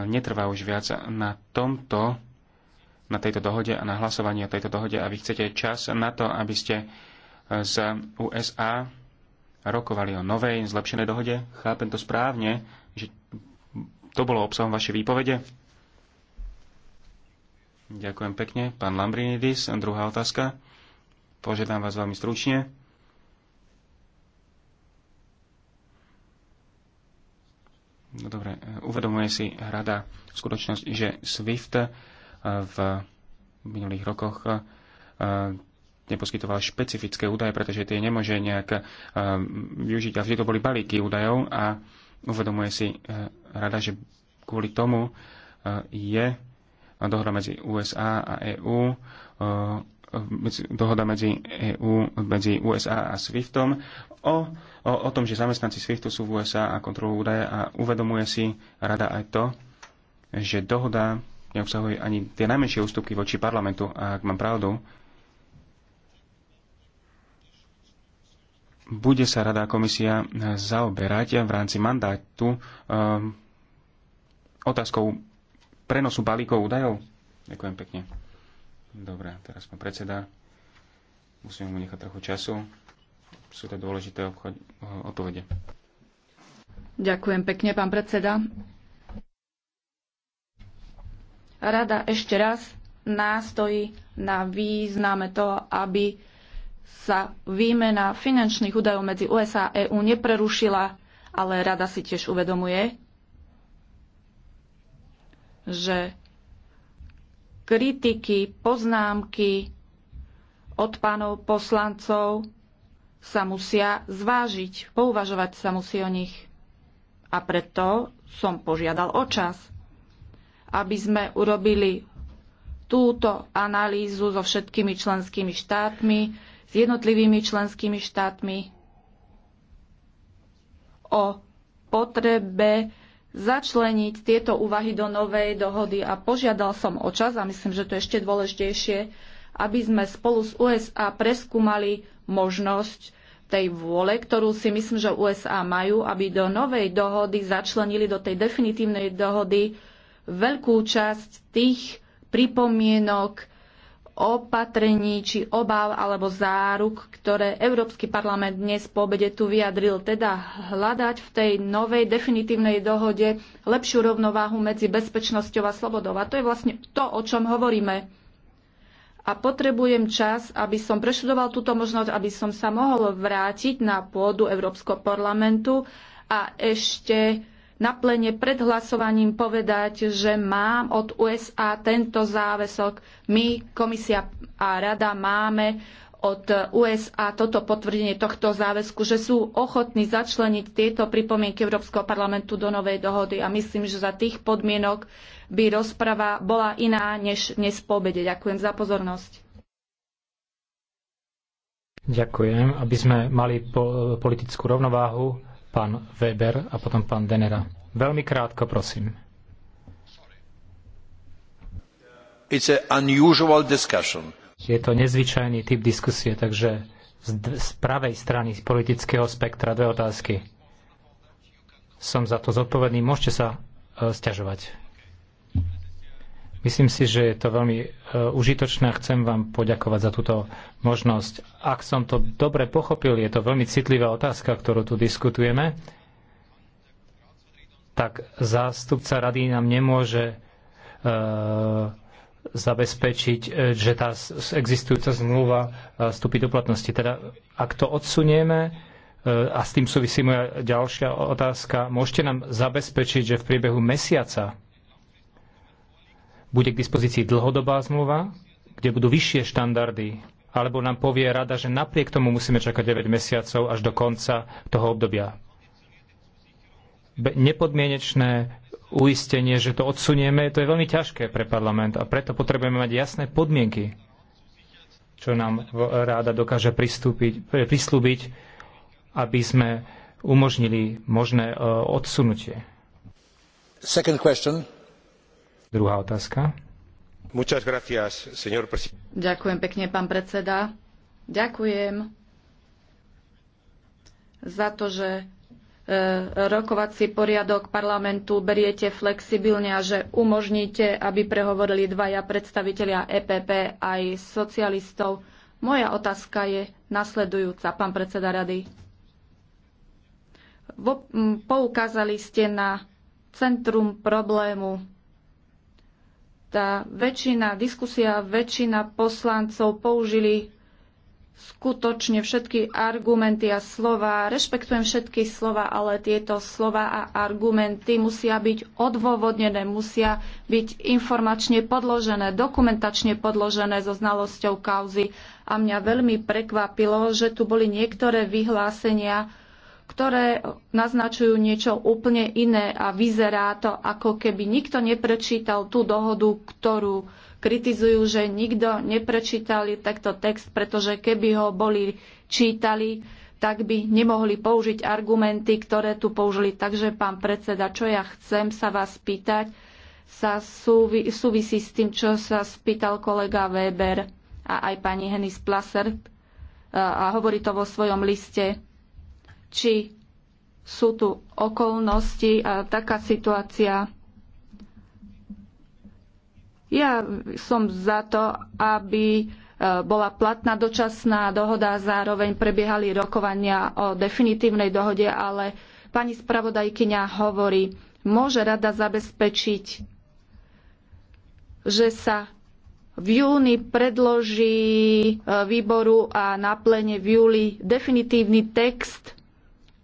netrvá už viac na tomto, na tejto dohode a na hlasovaní o tejto dohode a vy chcete čas na to, aby ste z USA rokovali o novej, zlepšenej dohode. Chápem to správne, že to bolo obsahom vašej výpovede? Ďakujem pekne. Pán Lambrinidis, druhá otázka. Požiadam vás veľmi stručne. No dobre, e, uvedomuje si rada skutočnosť, že SWIFT e, v minulých rokoch e, neposkytoval špecifické údaje, pretože tie nemôže nejak využiť. A vždy to boli balíky údajov a uvedomuje si rada, že kvôli tomu je dohoda medzi USA a EU. E, dohoda medzi EU, medzi USA a SWIFTom o, o, o tom, že zamestnanci SWIFTu sú v USA a kontrolujú údaje a uvedomuje si rada aj to, že dohoda neobsahuje ani tie najmenšie ústupky voči parlamentu. A ak mám pravdu, bude sa rada a komisia zaoberať v rámci mandátu um, otázkou prenosu balíkov údajov? Ďakujem pekne. Dobre, teraz pán predseda. Musíme mu nechať trochu času. Sú to dôležité obchod- odpovede. Ďakujem pekne, pán predseda. Rada ešte raz nástojí na význame toho, aby sa výmena finančných údajov medzi USA a EÚ neprerušila, ale rada si tiež uvedomuje, že kritiky, poznámky od pánov poslancov sa musia zvážiť, pouvažovať sa musí o nich. A preto som požiadal o čas, aby sme urobili túto analýzu so všetkými členskými štátmi, s jednotlivými členskými štátmi o potrebe začleniť tieto úvahy do novej dohody a požiadal som o čas, a myslím, že to je ešte dôležitejšie, aby sme spolu s USA preskúmali možnosť tej vôle, ktorú si myslím, že USA majú, aby do novej dohody začlenili do tej definitívnej dohody veľkú časť tých pripomienok, opatrení či obáv alebo záruk, ktoré Európsky parlament dnes po obede tu vyjadril, teda hľadať v tej novej definitívnej dohode lepšiu rovnováhu medzi bezpečnosťou a slobodou. A to je vlastne to, o čom hovoríme. A potrebujem čas, aby som preštudoval túto možnosť, aby som sa mohol vrátiť na pôdu Európskeho parlamentu a ešte na plene pred hlasovaním povedať, že mám od USA tento záväzok. My, komisia a rada, máme od USA toto potvrdenie tohto záväzku, že sú ochotní začleniť tieto pripomienky Európskeho parlamentu do novej dohody a myslím, že za tých podmienok by rozprava bola iná než dnes po obede. Ďakujem za pozornosť. Ďakujem. Aby sme mali po, politickú rovnováhu, pán Weber a potom pán Denera. Veľmi krátko, prosím. It's an unusual discussion. Je to nezvyčajný typ diskusie, takže z, z pravej strany z politického spektra dve otázky. Som za to zodpovedný, môžete sa uh, e, stiažovať. Myslím si, že je to veľmi e, užitočné a chcem vám poďakovať za túto možnosť. Ak som to dobre pochopil, je to veľmi citlivá otázka, ktorú tu diskutujeme, tak zástupca rady nám nemôže e, zabezpečiť, e, že tá existujúca zmluva vstúpi do platnosti. Teda ak to odsunieme, a s tým súvisí moja ďalšia otázka, môžete nám zabezpečiť, že v priebehu mesiaca bude k dispozícii dlhodobá zmluva, kde budú vyššie štandardy, alebo nám povie rada, že napriek tomu musíme čakať 9 mesiacov až do konca toho obdobia. Be- nepodmienečné uistenie, že to odsunieme, to je veľmi ťažké pre parlament a preto potrebujeme mať jasné podmienky, čo nám ráda dokáže eh, prislúbiť, aby sme umožnili možné eh, odsunutie. Second question. Druhá otázka. Gracias, Ďakujem pekne, pán predseda. Ďakujem za to, že e, rokovací poriadok parlamentu beriete flexibilne a že umožníte, aby prehovorili dvaja predstavitelia EPP aj socialistov. Moja otázka je nasledujúca, pán predseda rady. Poukázali ste na centrum problému tá väčšina, diskusia väčšina poslancov použili skutočne všetky argumenty a slova. Rešpektujem všetky slova, ale tieto slova a argumenty musia byť odôvodnené, musia byť informačne podložené, dokumentačne podložené so znalosťou kauzy. A mňa veľmi prekvapilo, že tu boli niektoré vyhlásenia, ktoré naznačujú niečo úplne iné a vyzerá to, ako keby nikto neprečítal tú dohodu, ktorú kritizujú, že nikto neprečítal takto text, pretože keby ho boli čítali, tak by nemohli použiť argumenty, ktoré tu použili. Takže, pán predseda, čo ja chcem sa vás pýtať, sa súvi, súvisí s tým, čo sa spýtal kolega Weber a aj pani Henis Plaser a hovorí to vo svojom liste či sú tu okolnosti a taká situácia. Ja som za to, aby e, bola platná dočasná dohoda zároveň prebiehali rokovania o definitívnej dohode, ale pani spravodajkyňa hovorí, môže rada zabezpečiť, že sa v júni predloží e, výboru a na plene v júli definitívny text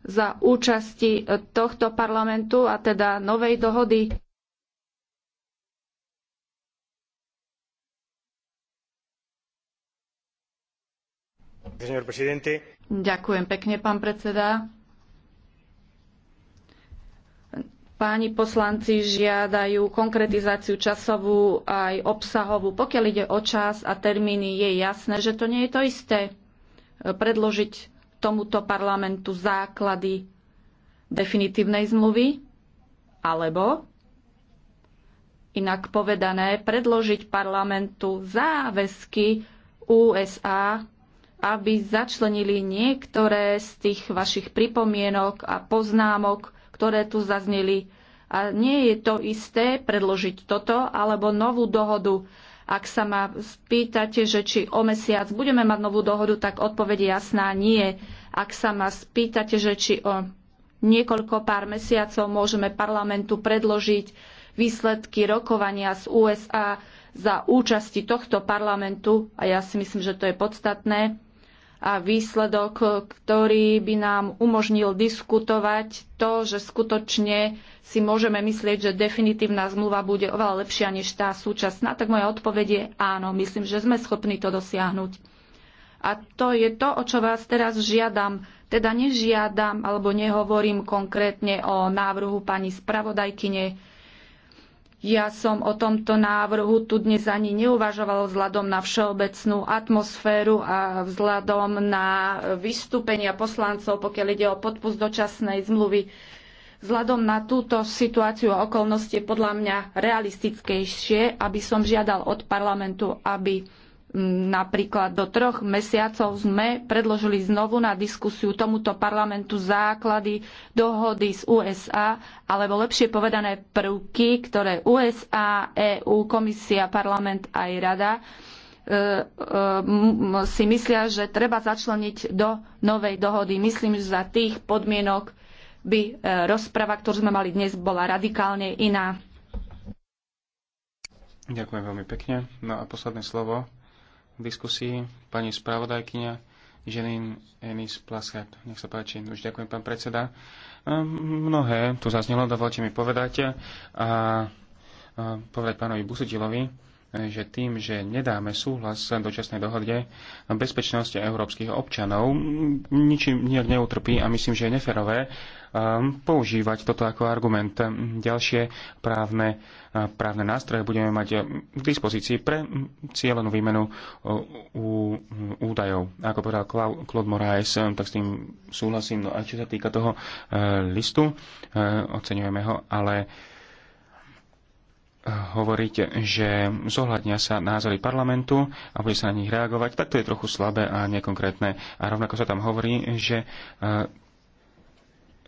za účasti e, tohto parlamentu a teda novej dohody. Ďakujem pekne, pán predseda. Páni poslanci žiadajú konkretizáciu časovú aj obsahovú. Pokiaľ ide o čas a termíny, je jasné, že to nie je to isté. E, predložiť tomuto parlamentu základy definitívnej zmluvy, alebo inak povedané, predložiť parlamentu záväzky USA, aby začlenili niektoré z tých vašich pripomienok a poznámok, ktoré tu zazneli. A nie je to isté predložiť toto alebo novú dohodu ak sa ma spýtate, že či o mesiac budeme mať novú dohodu, tak odpoveď jasná nie. Ak sa ma spýtate, že či o niekoľko pár mesiacov môžeme parlamentu predložiť výsledky rokovania z USA za účasti tohto parlamentu, a ja si myslím, že to je podstatné, a výsledok, ktorý by nám umožnil diskutovať to, že skutočne si môžeme myslieť, že definitívna zmluva bude oveľa lepšia než tá súčasná, tak moja odpoveď je áno, myslím, že sme schopní to dosiahnuť. A to je to, o čo vás teraz žiadam. Teda nežiadam alebo nehovorím konkrétne o návrhu pani spravodajkyne, ja som o tomto návrhu tu dnes ani neuvažoval vzhľadom na všeobecnú atmosféru a vzhľadom na vystúpenia poslancov, pokiaľ ide o podpus dočasnej zmluvy. Vzhľadom na túto situáciu a okolnosti je podľa mňa realistickejšie, aby som žiadal od parlamentu, aby Napríklad do troch mesiacov sme predložili znovu na diskusiu tomuto parlamentu základy dohody z USA, alebo lepšie povedané prvky, ktoré USA, EU, komisia, parlament aj rada e, e, si myslia, že treba začleniť do novej dohody. Myslím, že za tých podmienok by e, rozprava, ktorú sme mali dnes, bola radikálne iná. Ďakujem veľmi pekne. No a posledné slovo diskusii pani spravodajkyňa Želín Enis Plaschert. Nech sa páči. Už ďakujem, pán predseda. Mnohé tu zaznelo, dovolte mi povedať. A, a povedať pánovi Busutilovi, že tým, že nedáme súhlas dočasnej dohode, bezpečnosti európskych občanov ničím nijak neutrpí a myslím, že je neferové um, používať toto ako argument. Ďalšie právne, uh, právne nástroje budeme mať uh, k dispozícii pre cieľenú výmenu u uh, údajov. Ako povedal Claude Moraes, um, tak s tým súhlasím. No a čo sa týka toho listu, oceňujeme ho, ale hovoriť, že zohľadnia sa názory parlamentu a bude sa na nich reagovať, tak to je trochu slabé a nekonkrétne. A rovnako sa tam hovorí, že e,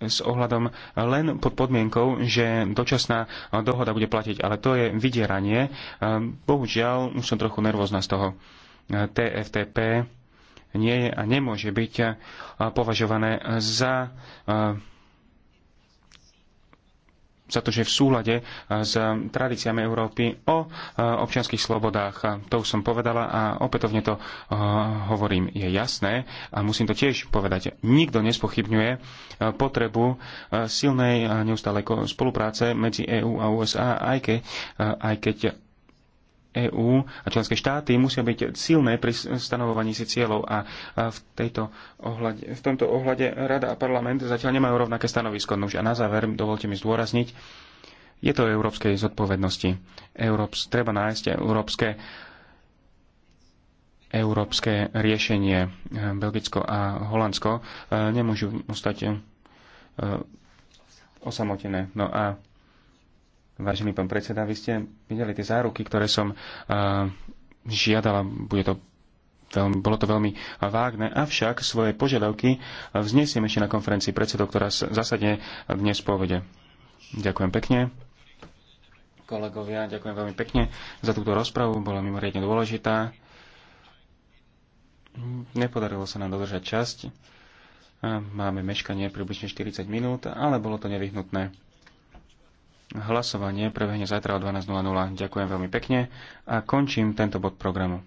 s ohľadom len pod podmienkou, že dočasná dohoda bude platiť. Ale to je vydieranie. E, bohužiaľ, už som trochu nervózna z toho. E, TFTP nie je a nemôže byť považované za za to, že v súlade eh, s tradíciami Európy o eh, občianských slobodách. To už som povedala a opätovne to eh, hovorím. Je jasné a musím to tiež povedať. Nikto nespochybňuje potrebu silnej a neustálej spolupráce medzi EÚ a USA, aj keď, aj keď EÚ a členské štáty musia byť silné pri stanovovaní si cieľov a v, tejto ohľade, v tomto ohľade Rada a parlament zatiaľ nemajú rovnaké stanovisko. Nož a na záver dovolte mi zdôrazniť, je to európskej zodpovednosti. Európs, treba nájsť európske európske riešenie. Belgicko a Holandsko e, nemôžu ostať e, osamotené. No a Vážený pán predseda, vy ste videli tie záruky, ktoré som eh, žiadala, bude to veľmi, bolo to veľmi eh, vágne, avšak svoje požiadavky eh, vznesiem ešte na konferencii predsedov, ktorá zasadne dnes povede. Ďakujem pekne. Kolegovia, ďakujem veľmi pekne za túto rozpravu, bola mimoriadne dôležitá. Nepodarilo sa nám dodržať časť. Máme meškanie približne 40 minút, ale bolo to nevyhnutné. Hlasovanie prebehne zajtra o 12.00. Ďakujem veľmi pekne a končím tento bod programu.